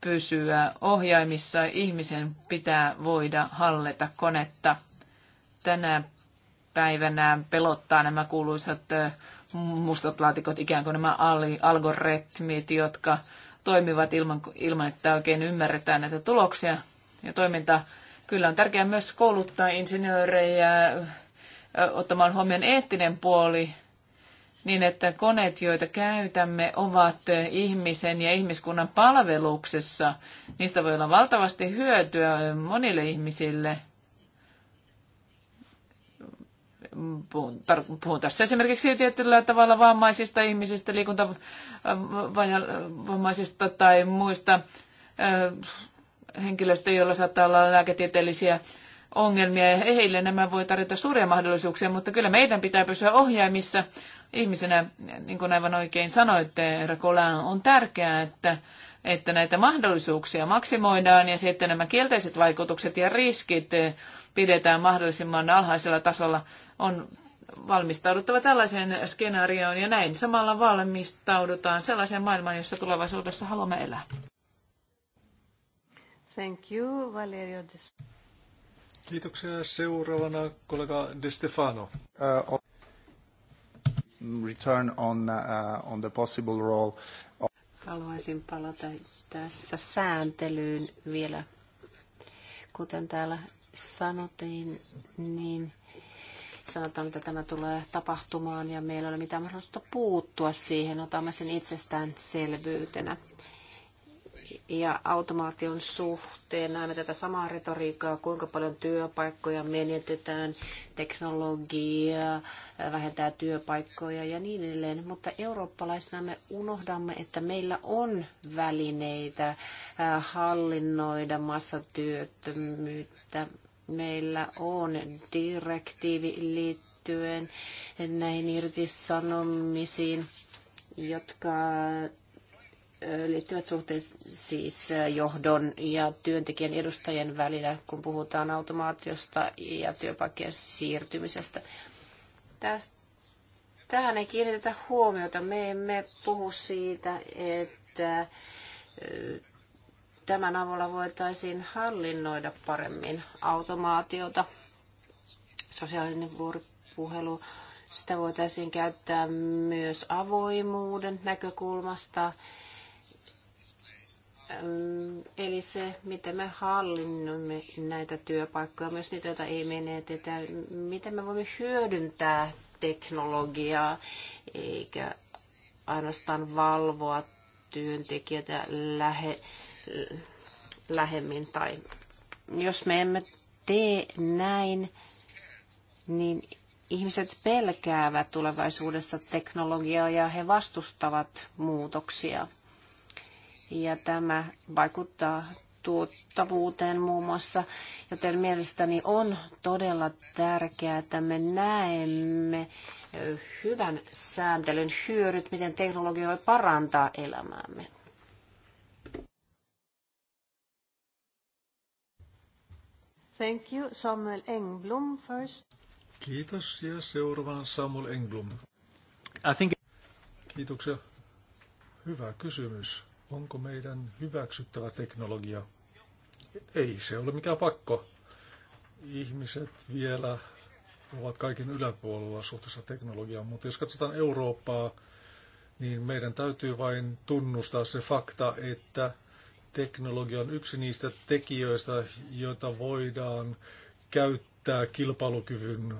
pysyä ohjaimissa, ihmisen pitää voida hallita konetta. Tänä päivänä pelottaa nämä kuuluisat mustat laatikot, ikään kuin nämä algoritmit, jotka toimivat ilman, ilman, että oikein ymmärretään näitä tuloksia ja toimintaa. Kyllä on tärkeää myös kouluttaa insinöörejä, ottamaan huomioon eettinen puoli niin, että koneet, joita käytämme, ovat ihmisen ja ihmiskunnan palveluksessa. Niistä voi olla valtavasti hyötyä monille ihmisille. Puhun, tar- puhun tässä esimerkiksi tietyllä tavalla vammaisista ihmisistä, liikuntavammaisista tai muista henkilöistä, joilla saattaa olla lääketieteellisiä ongelmia ja heille nämä voi tarjota suuria mahdollisuuksia, mutta kyllä meidän pitää pysyä ohjaimissa ihmisenä, niin kuin aivan oikein sanoitte, Rakola, on tärkeää, että, että näitä mahdollisuuksia maksimoidaan ja sitten nämä kielteiset vaikutukset ja riskit eh, pidetään mahdollisimman alhaisella tasolla. On valmistauduttava tällaiseen skenaarioon ja näin samalla valmistaudutaan sellaiseen maailmaan, jossa tulevaisuudessa haluamme elää.
Thank you, Valerio.
Kiitoksia. Seuraavana kollega De Stefano. Uh,
return on, uh, on the possible role of...
Haluaisin palata
tässä sääntelyyn vielä. Kuten täällä sanottiin, niin sanotaan, että tämä tulee tapahtumaan ja meillä ei ole mitään mahdollisuutta puuttua siihen. Otamme sen itsestäänselvyytenä. selvyytenä ja automaation suhteen näemme tätä samaa retoriikkaa, kuinka paljon työpaikkoja menetetään, teknologia vähentää työpaikkoja ja niin edelleen. Mutta eurooppalaisena me unohdamme, että meillä on välineitä äh, hallinnoida massatyöttömyyttä. Meillä on direktiivi liittyen näihin irtisanomisiin jotka liittyvät suhteet siis johdon ja työntekijän edustajien välillä, kun puhutaan automaatiosta ja työpaikkien siirtymisestä. tähän ei kiinnitetä huomiota. Me emme puhu siitä, että tämän avulla voitaisiin hallinnoida paremmin automaatiota. Sosiaalinen vuoropuhelu, sitä voitaisiin käyttää myös avoimuuden näkökulmasta Eli se, miten me hallinnoimme näitä työpaikkoja, myös niitä, joita ei menetetä, miten me voimme hyödyntää teknologiaa, eikä ainoastaan valvoa työntekijöitä lähe, lähemmin. Tai jos me emme tee näin, niin ihmiset pelkäävät tulevaisuudessa teknologiaa ja he vastustavat muutoksia ja tämä vaikuttaa tuottavuuteen muun muassa, joten mielestäni on todella tärkeää, että me näemme hyvän sääntelyn hyödyt, miten teknologia voi parantaa elämäämme.
Thank you. Samuel Engblom first.
Kiitos ja seuraavaan Samuel Engblom. I think... Kiitoksia. Hyvä kysymys. Onko meidän hyväksyttävä teknologia? Ei se ole mikään pakko. Ihmiset vielä ovat kaiken yläpuolella suhteessa teknologiaan, mutta jos katsotaan Eurooppaa, niin meidän täytyy vain tunnustaa se fakta, että teknologia on yksi niistä tekijöistä, joita voidaan käyttää kilpailukyvyn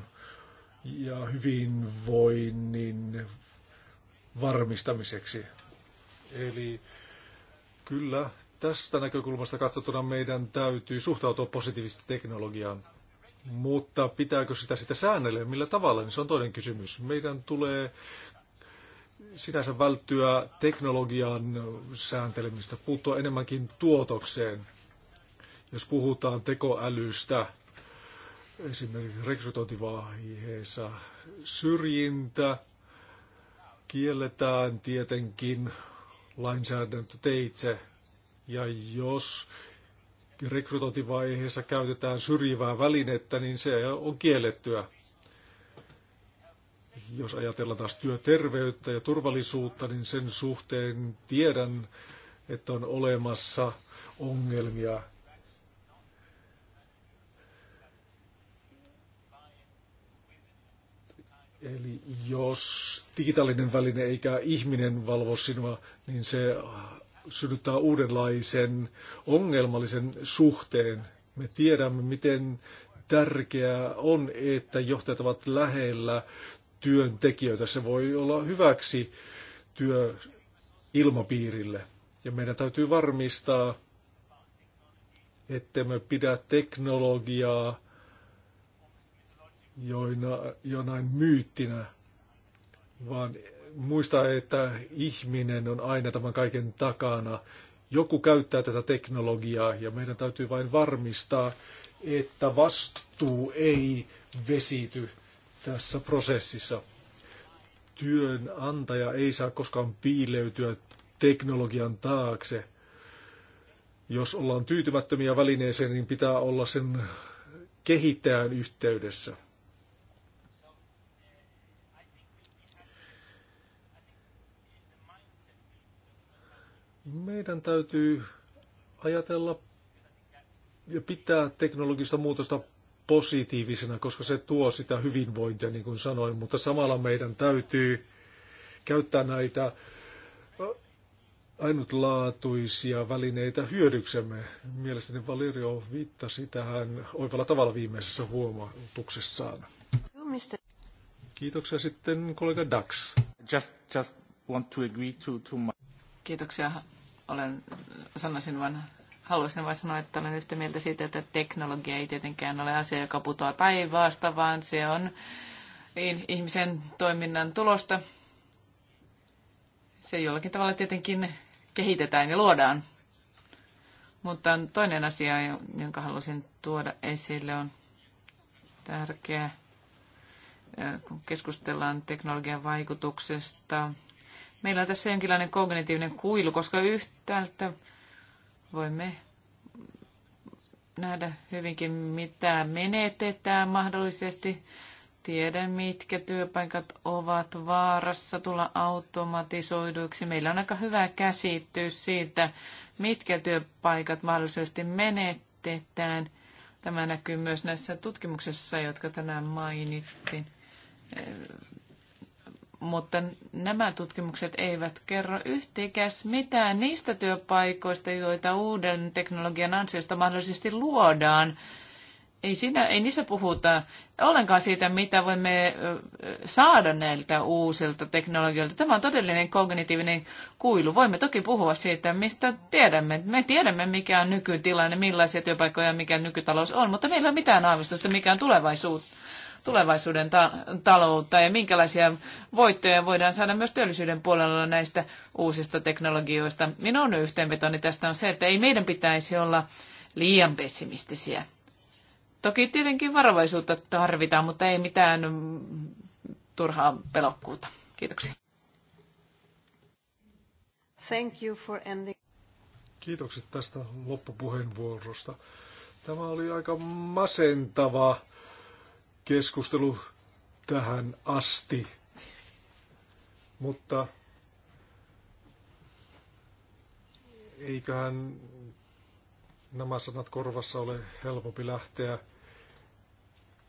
ja hyvinvoinnin varmistamiseksi. Eli Kyllä, tästä näkökulmasta katsottuna meidän täytyy suhtautua positiivisesti teknologiaan. Mutta pitääkö sitä sitä säännellä millä tavalla, niin se on toinen kysymys. Meidän tulee sinänsä välttyä teknologian sääntelemistä, puuttua enemmänkin tuotokseen. Jos puhutaan tekoälystä, esimerkiksi rekrytointivaiheessa syrjintä, kielletään tietenkin lainsäädäntöteitse. Ja jos rekrytointivaiheessa käytetään syrjivää välinettä, niin se on kiellettyä. Jos ajatellaan taas työterveyttä ja turvallisuutta, niin sen suhteen tiedän, että on olemassa ongelmia Eli jos digitaalinen väline eikä ihminen valvo sinua, niin se äh, synnyttää uudenlaisen ongelmallisen suhteen. Me tiedämme, miten tärkeää on, että johtajat ovat lähellä työntekijöitä. Se voi olla hyväksi työilmapiirille. Ja meidän täytyy varmistaa, että me pidä teknologiaa joina, jonain myyttinä, vaan muista, että ihminen on aina tämän kaiken takana. Joku käyttää tätä teknologiaa ja meidän täytyy vain varmistaa, että vastuu ei vesity tässä prosessissa. Työnantaja ei saa koskaan piileytyä teknologian taakse. Jos ollaan tyytymättömiä välineeseen, niin pitää olla sen kehittäjän yhteydessä. Meidän täytyy ajatella ja pitää teknologista muutosta positiivisena, koska se tuo sitä hyvinvointia, niin kuin sanoin, mutta samalla meidän täytyy käyttää näitä ainutlaatuisia välineitä hyödyksemme. Mielestäni Valerio viittasi tähän oivalla tavalla viimeisessä huomautuksessaan. Kiitoksia sitten kollega Dax. Just, just want to agree to, to my... Kiitoksia olen,
sanoisin vain, haluaisin vain sanoa, että olen yhtä mieltä siitä, että teknologia ei tietenkään ole asia, joka putoaa taivaasta, vaan se on ihmisen toiminnan tulosta. Se jollakin tavalla tietenkin kehitetään ja luodaan. Mutta toinen asia, jonka halusin tuoda esille, on tärkeä, kun keskustellaan teknologian vaikutuksesta Meillä on tässä jonkinlainen kognitiivinen kuilu, koska yhtäältä voimme nähdä hyvinkin, mitä menetetään mahdollisesti. Tiedän, mitkä työpaikat ovat vaarassa tulla automatisoiduiksi. Meillä on aika hyvä käsitys siitä, mitkä työpaikat mahdollisesti menetetään. Tämä näkyy myös näissä tutkimuksissa, jotka tänään mainittiin mutta nämä tutkimukset eivät kerro yhtikäs mitään niistä työpaikoista, joita uuden teknologian ansiosta mahdollisesti luodaan. Ei, siinä, ei niissä puhuta ollenkaan siitä, mitä voimme saada näiltä uusilta teknologioilta. Tämä on todellinen kognitiivinen kuilu. Voimme toki puhua siitä, mistä tiedämme. Me tiedämme, mikä on nykytilanne, millaisia työpaikkoja mikä nykytalous on, mutta meillä ei ole mitään aavistusta, mikä on tulevaisuutta tulevaisuuden ta- taloutta ja minkälaisia voittoja voidaan saada myös työllisyyden puolella näistä uusista teknologioista. Minun yhteenvetoni tästä on se, että ei meidän pitäisi olla liian pessimistisiä. Toki tietenkin varovaisuutta tarvitaan, mutta ei mitään turhaa pelokkuutta. Kiitoksia.
Thank you for ending.
Kiitokset tästä loppupuheenvuorosta. Tämä oli aika masentava keskustelu tähän asti. Mutta eiköhän nämä sanat korvassa ole helpompi lähteä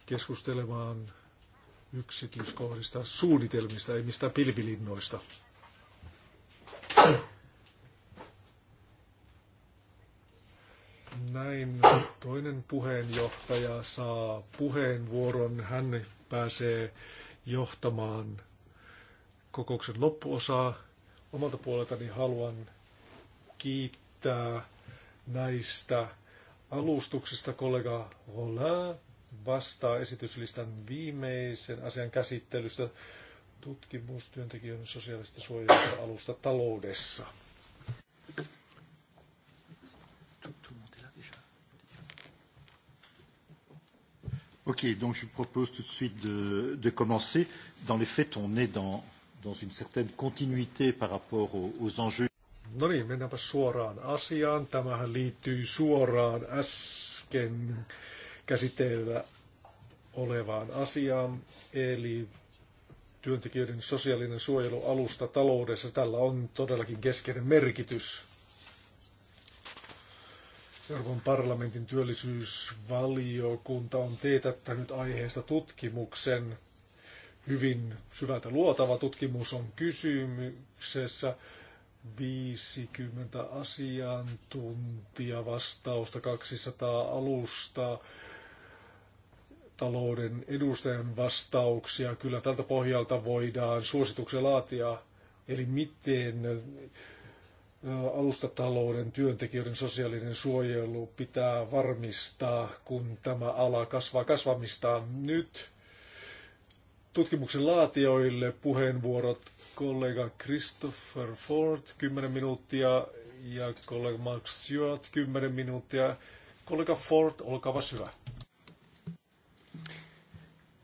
keskustelemaan yksityiskohdista, suunnitelmista, ei mistään pilvilinnoista. Näin toinen puheenjohtaja saa puheenvuoron. Hän pääsee johtamaan kokouksen loppuosaa. Omalta puoleltani haluan kiittää näistä alustuksista kollega Hola vastaa esityslistan viimeisen asian käsittelystä tutkimustyöntekijöiden sosiaalista suojelusta alusta taloudessa. Ok, donc je vous propose tout de suite de, de commencer. Dans les faits, on est dans, dans une certaine continuité par rapport aux, aux enjeux. No niin, mennäänpä suoraan asiaan. Tämähän liittyy suoraan äsken käsitellä olevaan asiaan, eli työntekijöiden sosiaalinen suojelu alusta taloudessa. Tällä on todellakin keskeinen merkitys Euroopan parlamentin työllisyysvaliokunta on teetättänyt aiheesta tutkimuksen. Hyvin syvältä luotava tutkimus on kysymyksessä. 50 asiantuntija vastausta, 200 alusta, talouden edustajan vastauksia. Kyllä tältä pohjalta voidaan suosituksia laatia, eli miten alustatalouden työntekijöiden sosiaalinen suojelu pitää varmistaa, kun tämä ala kasvaa kasvamistaan nyt. Tutkimuksen laatioille puheenvuorot kollega Christopher Ford 10 minuuttia ja kollega Mark Stewart 10 minuuttia. Kollega Ford, olkaa hyvä.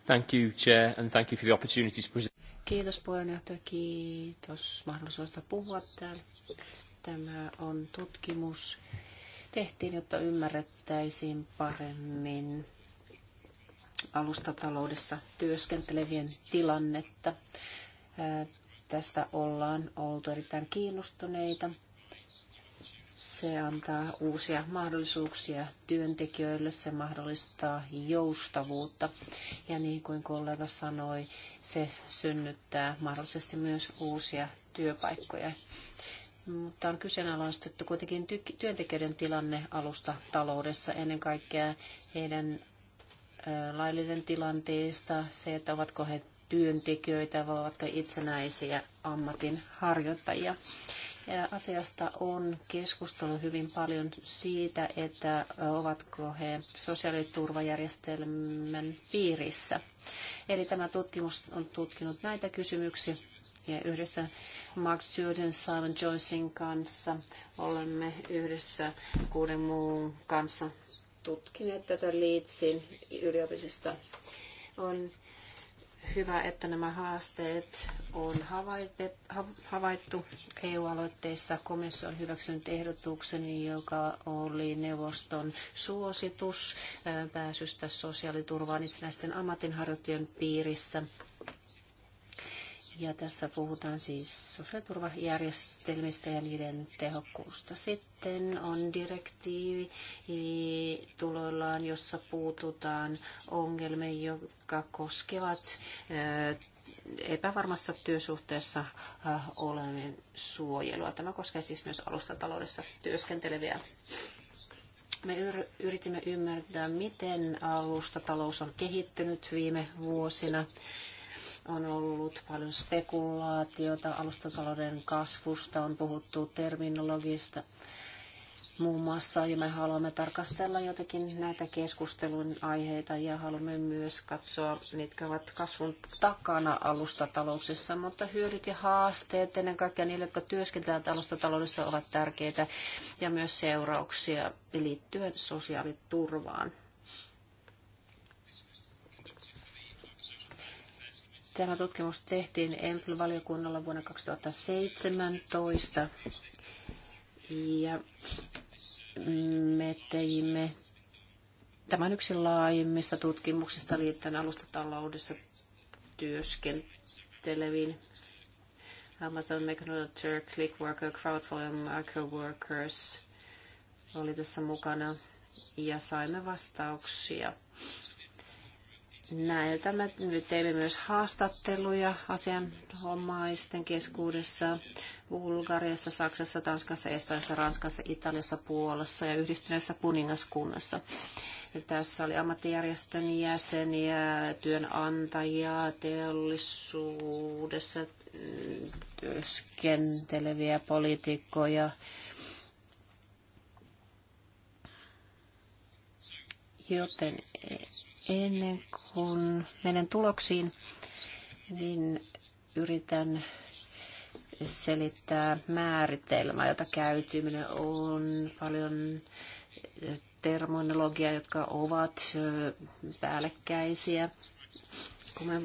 Thank you, Chair, and thank you for the opportunity to present.
Kiitos puheenjohtaja, kiitos mahdollisuudesta puhua täällä. Tämä on tutkimus. Tehtiin, jotta ymmärrettäisiin paremmin alustataloudessa työskentelevien tilannetta. Tästä ollaan oltu erittäin kiinnostuneita. Se antaa uusia mahdollisuuksia työntekijöille, se mahdollistaa joustavuutta. Ja niin kuin kollega sanoi, se synnyttää mahdollisesti myös uusia työpaikkoja mutta on kyseenalaistettu kuitenkin työntekijöiden tilanne alusta taloudessa ennen kaikkea heidän laillinen tilanteesta, se, että ovatko he työntekijöitä vai ovatko itsenäisiä ammatin harjoittajia. Ja asiasta on keskustelu hyvin paljon siitä, että ovatko he sosiaaliturvajärjestelmän piirissä. Eli tämä tutkimus on tutkinut näitä kysymyksiä ja yhdessä Mark Student Simon Joycein kanssa olemme yhdessä kuuden muun kanssa tutkineet tätä Leedsin yliopistosta. On hyvä, että nämä haasteet on havaittu EU-aloitteissa. Komissio on hyväksynyt ehdotuksen, joka oli neuvoston suositus pääsystä sosiaaliturvaan itsenäisten ammatinharjoittajien piirissä. Ja tässä puhutaan siis sosiaaliturvajärjestelmistä ja niiden tehokkuusta. Sitten on direktiivi tuloillaan, jossa puututaan ongelmiin, jotka koskevat epävarmasta työsuhteessa olevien suojelua. Tämä koskee siis myös alustataloudessa työskenteleviä me yritimme ymmärtää, miten alustatalous on kehittynyt viime vuosina on ollut paljon spekulaatiota, alustatalouden kasvusta on puhuttu terminologista muun muassa, ja me haluamme tarkastella jotenkin näitä keskustelun aiheita ja haluamme myös katsoa, mitkä ovat kasvun takana alustatalouksessa, mutta hyödyt ja haasteet ennen kaikkea niille, jotka työskentelevät alustataloudessa, ovat tärkeitä ja myös seurauksia liittyen sosiaaliturvaan. Tämä tutkimus tehtiin EMPL-valiokunnalla vuonna 2017 ja me teimme tämän yksi laajimmista tutkimuksista liittyen alustataloudessa työskenteleviin Amazon, McDonald's, Clickworker, Crowdfunding, Workers oli tässä mukana ja saimme vastauksia Näiltä me teimme myös haastatteluja asianomaisten keskuudessa Bulgariassa, Saksassa, Tanskassa, Espanjassa, Ranskassa, Italiassa, Puolassa ja yhdistyneessä kuningaskunnassa. Tässä oli ammattijärjestön jäseniä, työnantajia, teollisuudessa työskenteleviä poliitikkoja. Joten Ennen kuin menen tuloksiin, niin yritän selittää määritelmää, jota käytyminen on paljon terminologiaa, jotka ovat päällekkäisiä. Kun me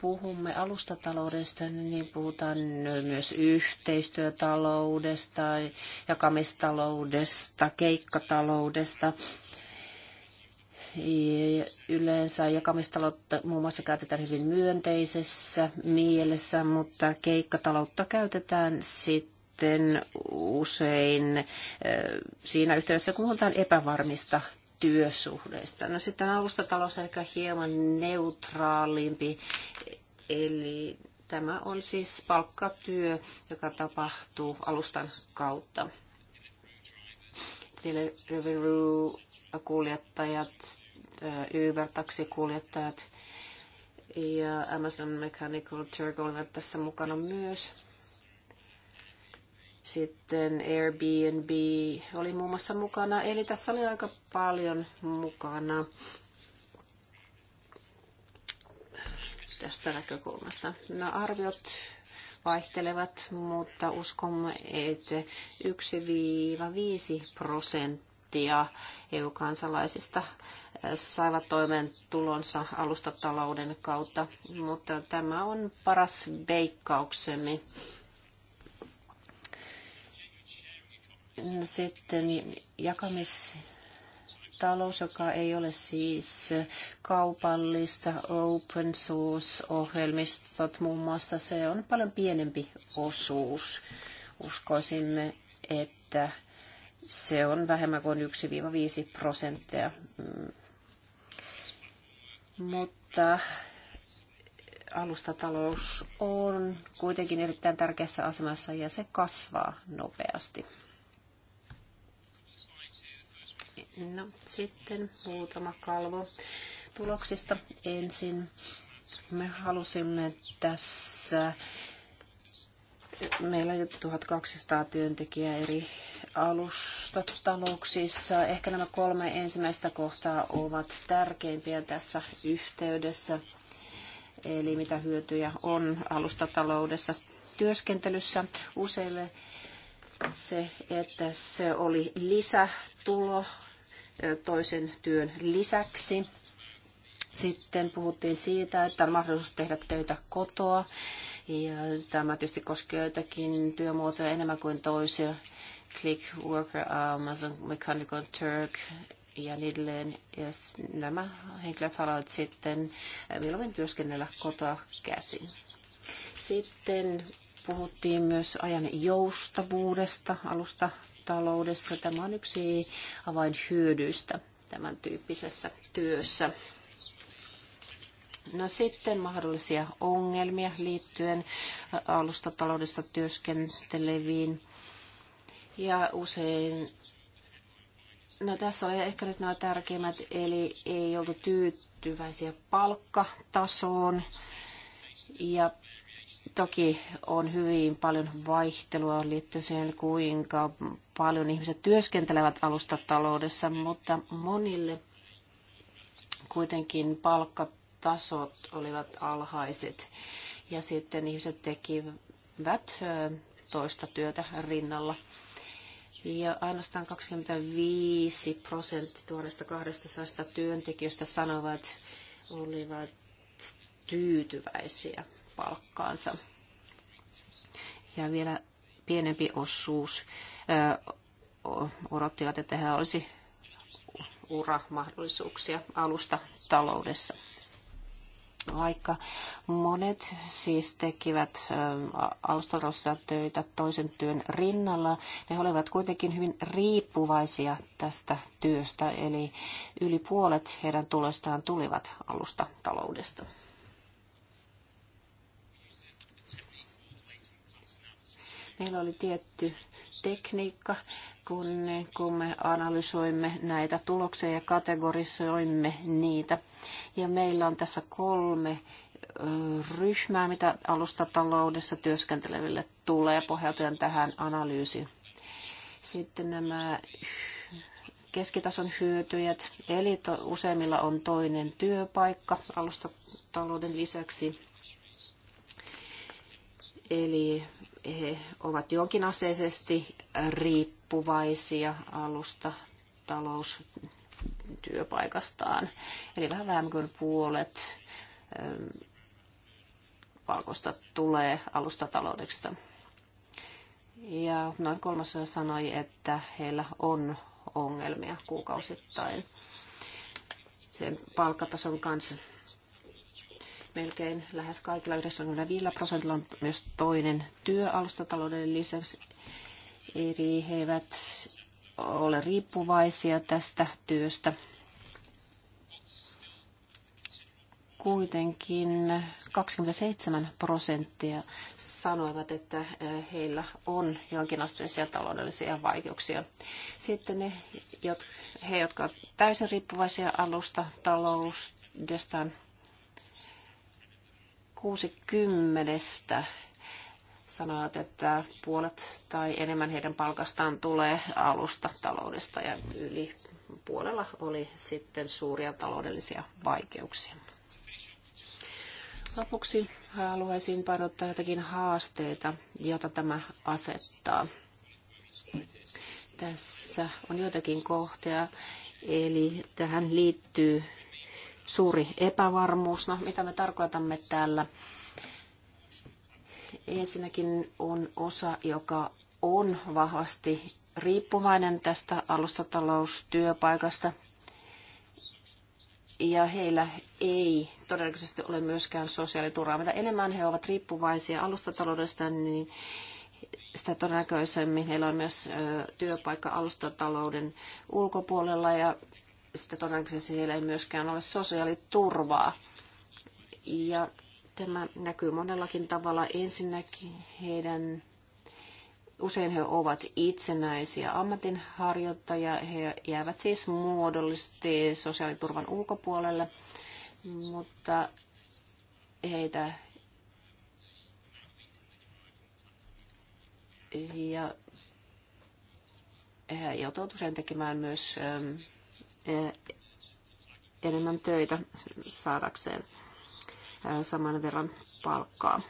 puhumme alustataloudesta, niin puhutaan myös yhteistyötaloudesta, jakamistaloudesta, keikkataloudesta – Yleensä jakamistaloutta muun muassa käytetään hyvin myönteisessä mielessä, mutta keikkataloutta käytetään sitten usein siinä yhteydessä, kun puhutaan epävarmista työsuhteista. No sitten alustatalous on ehkä hieman neutraalimpi, eli tämä on siis palkkatyö, joka tapahtuu alustan kautta. Deliveroo kuljettajat Uber-taksikuljettajat ja Amazon Mechanical Turk olivat tässä mukana myös. Sitten Airbnb oli muun muassa mukana, eli tässä oli aika paljon mukana tästä näkökulmasta. No arviot vaihtelevat, mutta uskomme, että 1-5 prosenttia EU-kansalaisista saivat toimeentulonsa alustatalouden kautta, mutta tämä on paras veikkauksemme. Sitten jakamistalous, joka ei ole siis kaupallista, open source-ohjelmistot muun muassa, se on paljon pienempi osuus. Uskoisimme, että se on vähemmän kuin 1-5 prosenttia mm, mutta alustatalous on kuitenkin erittäin tärkeässä asemassa ja se kasvaa nopeasti. No, sitten muutama kalvo tuloksista ensin. Me halusimme tässä, meillä on 1200 työntekijää eri alustatalouksissa. Ehkä nämä kolme ensimmäistä kohtaa ovat tärkeimpiä tässä yhteydessä. Eli mitä hyötyjä on alustataloudessa työskentelyssä useille se, että se oli lisätulo toisen työn lisäksi. Sitten puhuttiin siitä, että on mahdollisuus tehdä töitä kotoa. Ja tämä tietysti koskee joitakin työmuotoja enemmän kuin toisia. Click Worker uh, Amazon Mechanical Turk ja edelleen. Ja nämä henkilöt haluavat sitten äh, milloin työskennellä kotoa käsin. Sitten puhuttiin myös ajan joustavuudesta alusta taloudessa. Tämä on yksi avainhyödyistä tämän tyyppisessä työssä. No sitten mahdollisia ongelmia liittyen äh, alustataloudessa työskenteleviin ja usein, no tässä oli ehkä nyt nämä tärkeimmät, eli ei oltu tyytyväisiä palkkatasoon. Ja toki on hyvin paljon vaihtelua liittyen siihen, kuinka paljon ihmiset työskentelevät alustataloudessa, mutta monille kuitenkin palkkatasot olivat alhaiset ja sitten ihmiset tekivät toista työtä rinnalla. Ja ainoastaan 25 prosenttia tuoreista 200 työntekijöistä sanovat olivat tyytyväisiä palkkaansa. Ja vielä pienempi osuus odottivat, että heillä olisi uramahdollisuuksia alusta taloudessa. Vaikka monet siis tekivät Australiassa töitä toisen työn rinnalla, ne olivat kuitenkin hyvin riippuvaisia tästä työstä, eli yli puolet heidän tuloistaan tulivat taloudesta. Meillä oli tietty tekniikka, kun, kun me analysoimme näitä tuloksia ja kategorisoimme niitä. Ja meillä on tässä kolme ryhmää, mitä alustataloudessa työskenteleville tulee pohjautuen tähän analyysiin. Sitten nämä keskitason hyötyjät, eli useimmilla on toinen työpaikka alustatalouden lisäksi. Eli he ovat jonkinasteisesti riippuvaisia alusta taloustyöpaikastaan. Eli vähän vähemmän kuin puolet ähm, palkosta tulee alustataloudesta. Ja noin kolmasosa sanoi, että heillä on ongelmia kuukausittain sen palkkatason kanssa melkein lähes kaikilla 95 prosentilla on myös toinen työ alustatalouden lisäksi. Eli he eivät ole riippuvaisia tästä työstä. Kuitenkin 27 prosenttia sanoivat, että heillä on jonkinasteisia taloudellisia vaikeuksia. Sitten ne, he, jotka ovat täysin riippuvaisia alusta taloudestaan, kuusi kymmenestä sanovat, että puolet tai enemmän heidän palkastaan tulee alusta taloudesta ja yli puolella oli sitten suuria taloudellisia vaikeuksia. Lopuksi haluaisin painottaa jotakin haasteita, joita tämä asettaa. Tässä on joitakin kohtia, eli tähän liittyy suuri epävarmuus. No, mitä me tarkoitamme täällä? Ensinnäkin on osa, joka on vahvasti riippuvainen tästä alustataloustyöpaikasta. Ja heillä ei todennäköisesti ole myöskään sosiaaliturvaa. Mitä enemmän he ovat riippuvaisia alustataloudesta, niin sitä todennäköisemmin heillä on myös työpaikka alustatalouden ulkopuolella ja sitten todennäköisesti heillä ei myöskään ole sosiaaliturvaa. Ja tämä näkyy monellakin tavalla. Ensinnäkin heidän Usein he ovat itsenäisiä ammatinharjoittajia, he jäävät siis muodollisesti sosiaaliturvan ulkopuolelle, mutta heitä ja he joutuvat usein tekemään myös ähm, Eh, enemmän töitä saadakseen eh, saman verran palkkaa.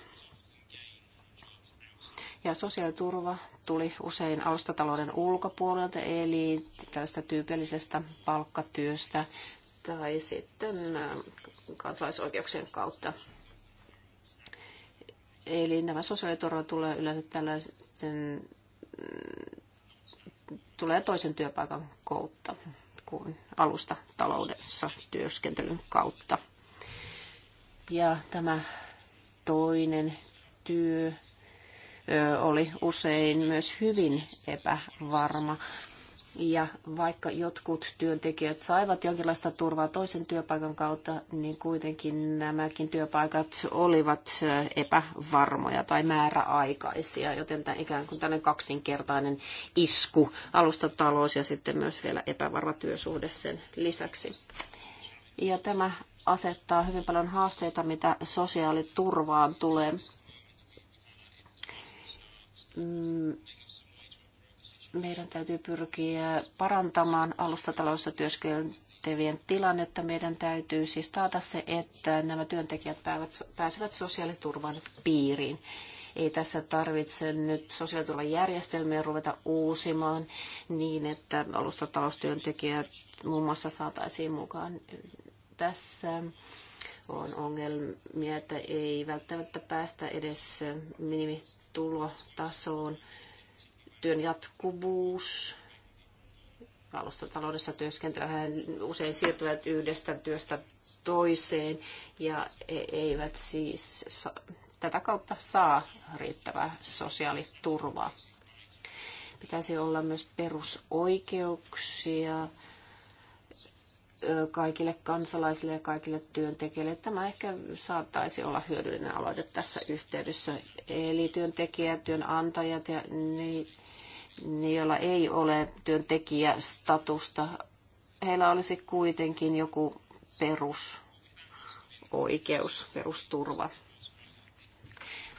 Ja sosiaaliturva tuli usein alustatalouden ulkopuolelta, eli tästä tyypillisestä palkkatyöstä tai sitten eh, kansalaisoikeuksien kautta. Eli nämä sosiaaliturva tulee yleensä tällaisen, mm, tulee toisen työpaikan kautta kuin alusta taloudessa työskentelyn kautta. Ja tämä toinen työ oli usein myös hyvin epävarma. Ja vaikka jotkut työntekijät saivat jonkinlaista turvaa toisen työpaikan kautta, niin kuitenkin nämäkin työpaikat olivat epävarmoja tai määräaikaisia, joten tämä ikään kuin tällainen kaksinkertainen isku, alustatalous ja sitten myös vielä epävarma työsuhde sen lisäksi. Ja tämä asettaa hyvin paljon haasteita, mitä sosiaaliturvaan tulee mm, meidän täytyy pyrkiä parantamaan alustataloudessa työskentelevien tilannetta. Meidän täytyy siis taata se, että nämä työntekijät pääsevät sosiaaliturvan piiriin. Ei tässä tarvitse nyt sosiaaliturvajärjestelmiä ruveta uusimaan niin, että alustataloustyöntekijät muun muassa saataisiin mukaan tässä on ongelmia, että ei välttämättä päästä edes minimitulotasoon työn jatkuvuus. Alustataloudessa työskentelevät usein siirtyvät yhdestä työstä toiseen ja e- eivät siis tätä kautta saa riittävää sosiaaliturvaa. Pitäisi olla myös perusoikeuksia kaikille kansalaisille ja kaikille työntekijöille. Tämä ehkä saattaisi olla hyödyllinen aloite tässä yhteydessä. Eli työntekijät, työnantajat ja niin joilla ei ole työntekijästatusta, heillä olisi kuitenkin joku perusoikeus, perusturva.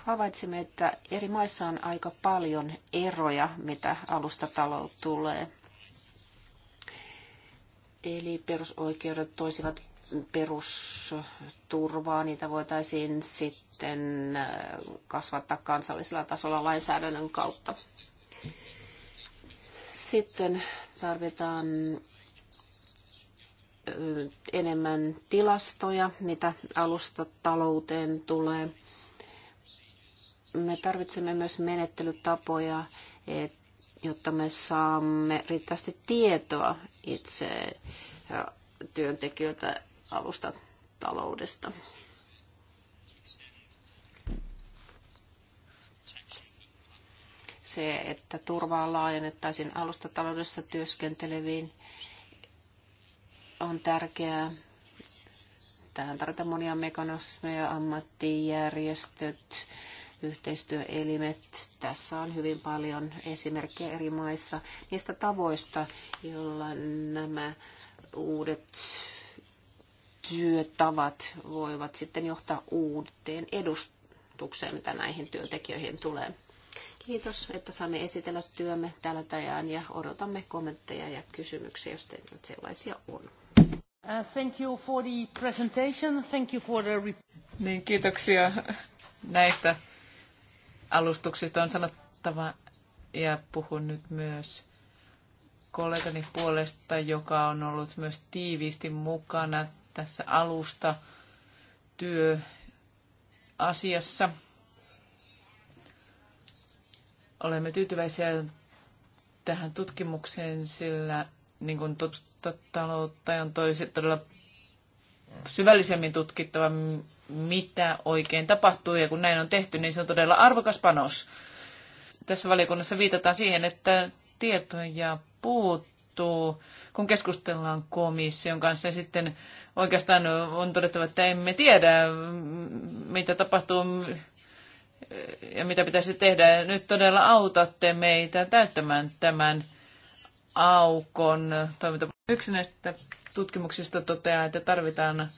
Havaitsimme, että eri maissa on aika paljon eroja, mitä alustatalo tulee. Eli perusoikeudet toisivat perusturvaa, niitä voitaisiin sitten äh, kasvattaa kansallisella tasolla lainsäädännön kautta. Sitten tarvitaan enemmän tilastoja, mitä alustatalouteen tulee. Me tarvitsemme myös menettelytapoja, jotta me saamme riittävästi tietoa itse työntekijöiltä alustataloudesta. taloudesta. se, että turvaa laajennettaisiin alustataloudessa työskenteleviin, on tärkeää. Tähän tarvitaan monia mekanismeja, ammattijärjestöt, yhteistyöelimet. Tässä on hyvin paljon esimerkkejä eri maissa niistä tavoista, joilla nämä uudet työtavat voivat sitten johtaa uuteen edustukseen, mitä näihin työntekijöihin tulee. Kiitos, että saamme esitellä työmme tällä tajaan ja odotamme kommentteja
ja kysymyksiä, jos teillä sellaisia on.
Uh, thank you for the presentation. Thank you for the...
Niin, kiitoksia näistä alustuksista. On sanottava ja puhun nyt myös kollegani puolesta, joka on ollut myös tiiviisti mukana tässä alusta työasiassa. Olemme tyytyväisiä tähän tutkimukseen, sillä niin kuin totta on todella syvällisemmin tutkittava, mitä oikein tapahtuu, ja kun näin on tehty, niin se on todella arvokas panos. Tässä valiokunnassa viitataan siihen, että tietoja puuttuu, kun keskustellaan komission kanssa, ja sitten oikeastaan on todettava, että emme tiedä, mitä tapahtuu ja mitä pitäisi tehdä. Nyt todella autatte meitä täyttämään tämän aukon toiminta. Yksi näistä tutkimuksista toteaa, että tarvitaan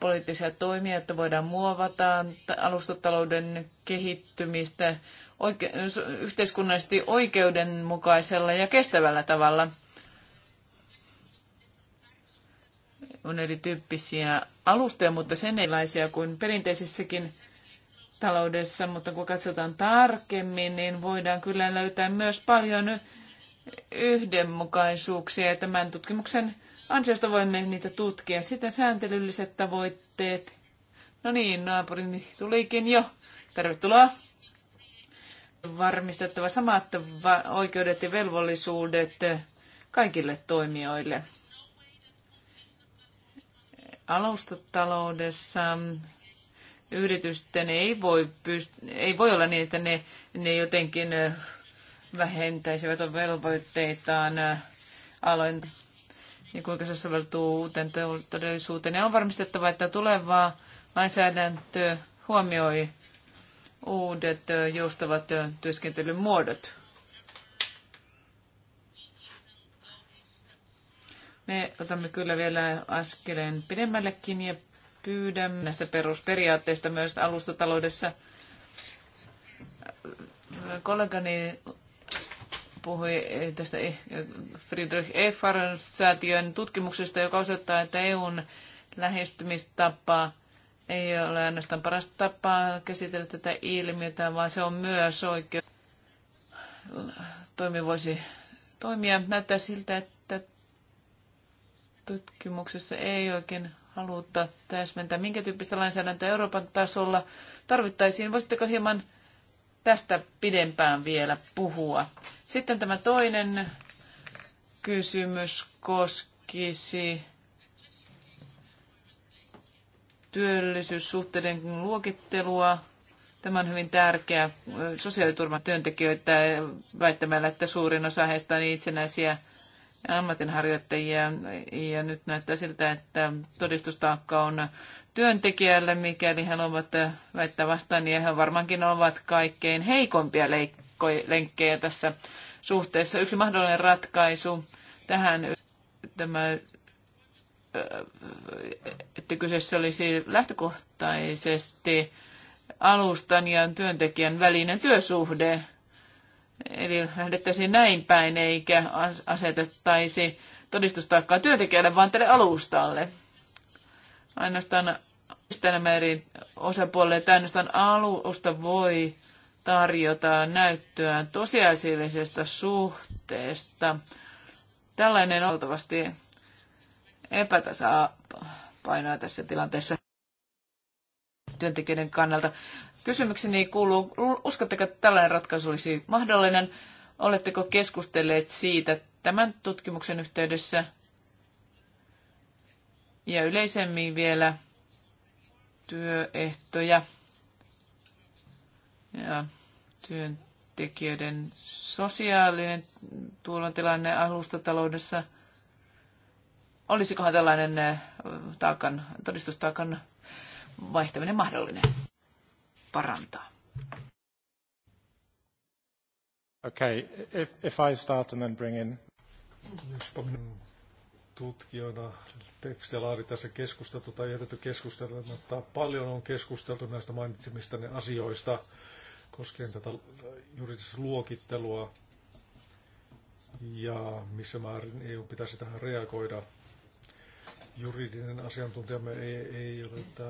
poliittisia toimia, että voidaan muovata alustatalouden kehittymistä oike- yhteiskunnallisesti oikeudenmukaisella ja kestävällä tavalla. On erityyppisiä alustoja, mutta sen erilaisia kuin perinteisissäkin taloudessa, mutta kun katsotaan tarkemmin, niin voidaan kyllä löytää myös paljon yhdenmukaisuuksia ja tämän tutkimuksen ansiosta voimme niitä tutkia. Sitä sääntelylliset tavoitteet. No niin, naapurini tulikin jo. Tervetuloa. Varmistettava samat oikeudet ja velvollisuudet kaikille toimijoille. Alustataloudessa yritysten ei voi, pyst- ei voi olla niin, että ne, ne jotenkin vähentäisivät velvoitteitaan aloin niin kuinka se soveltuu uuteen todellisuuteen. Ja on varmistettava, että tulevaa lainsäädäntö huomioi uudet joustavat työskentelyn muodot. Me otamme kyllä vielä askeleen pidemmällekin ja pyydämme näistä perusperiaatteista myös alustataloudessa. Kollegani puhui tästä Friedrich Effer-säätiön tutkimuksesta, joka osoittaa, että EUn lähestymistapa ei ole ainoastaan paras tapa käsitellä tätä ilmiötä, vaan se on myös oikeus. Toimi voisi toimia. Näyttää siltä, että tutkimuksessa ei oikein haluta täsmentää, minkä tyyppistä lainsäädäntöä Euroopan tasolla tarvittaisiin. Voisitteko hieman tästä pidempään vielä puhua? Sitten tämä toinen kysymys koskisi työllisyyssuhteiden luokittelua. Tämä on hyvin tärkeä sosiaaliturvan työntekijöitä väittämällä, että suurin osa heistä on itsenäisiä ammatinharjoittajia ja nyt näyttää siltä, että todistustaakka on työntekijälle, mikäli he ovat väittää vastaan, niin he varmaankin ovat kaikkein heikompia lenkkejä tässä suhteessa. Yksi mahdollinen ratkaisu tähän tämä että kyseessä olisi lähtökohtaisesti alustan ja työntekijän välinen työsuhde, Eli lähdettäisiin näin päin, eikä asetettaisi todistustaakkaa työntekijälle, vaan tälle alustalle. Ainoastaan nämä eri osapuolelle että ainoastaan alusta voi tarjota näyttöä tosiasiallisesta suhteesta. Tällainen oltavasti epätasapainoa tässä tilanteessa työntekijöiden kannalta. Kysymykseni kuuluu, uskotteko, että tällainen ratkaisu olisi mahdollinen? Oletteko keskustelleet siitä tämän tutkimuksen yhteydessä ja yleisemmin vielä työehtoja ja työntekijöiden sosiaalinen tilanne alustataloudessa. Olisikohan tällainen äh, taakan, todistustaakan vaihtaminen mahdollinen? parantaa.
Okay, if, if I start and then bring in... Jospa tutkijana tekstiä tässä keskusteltu tai jätetty keskustelua, mutta paljon on keskusteltu näistä mainitsemistanne asioista koskien tätä juridista luokittelua ja missä määrin EU pitäisi tähän reagoida. Juridinen asiantuntijamme ei, ei ole täällä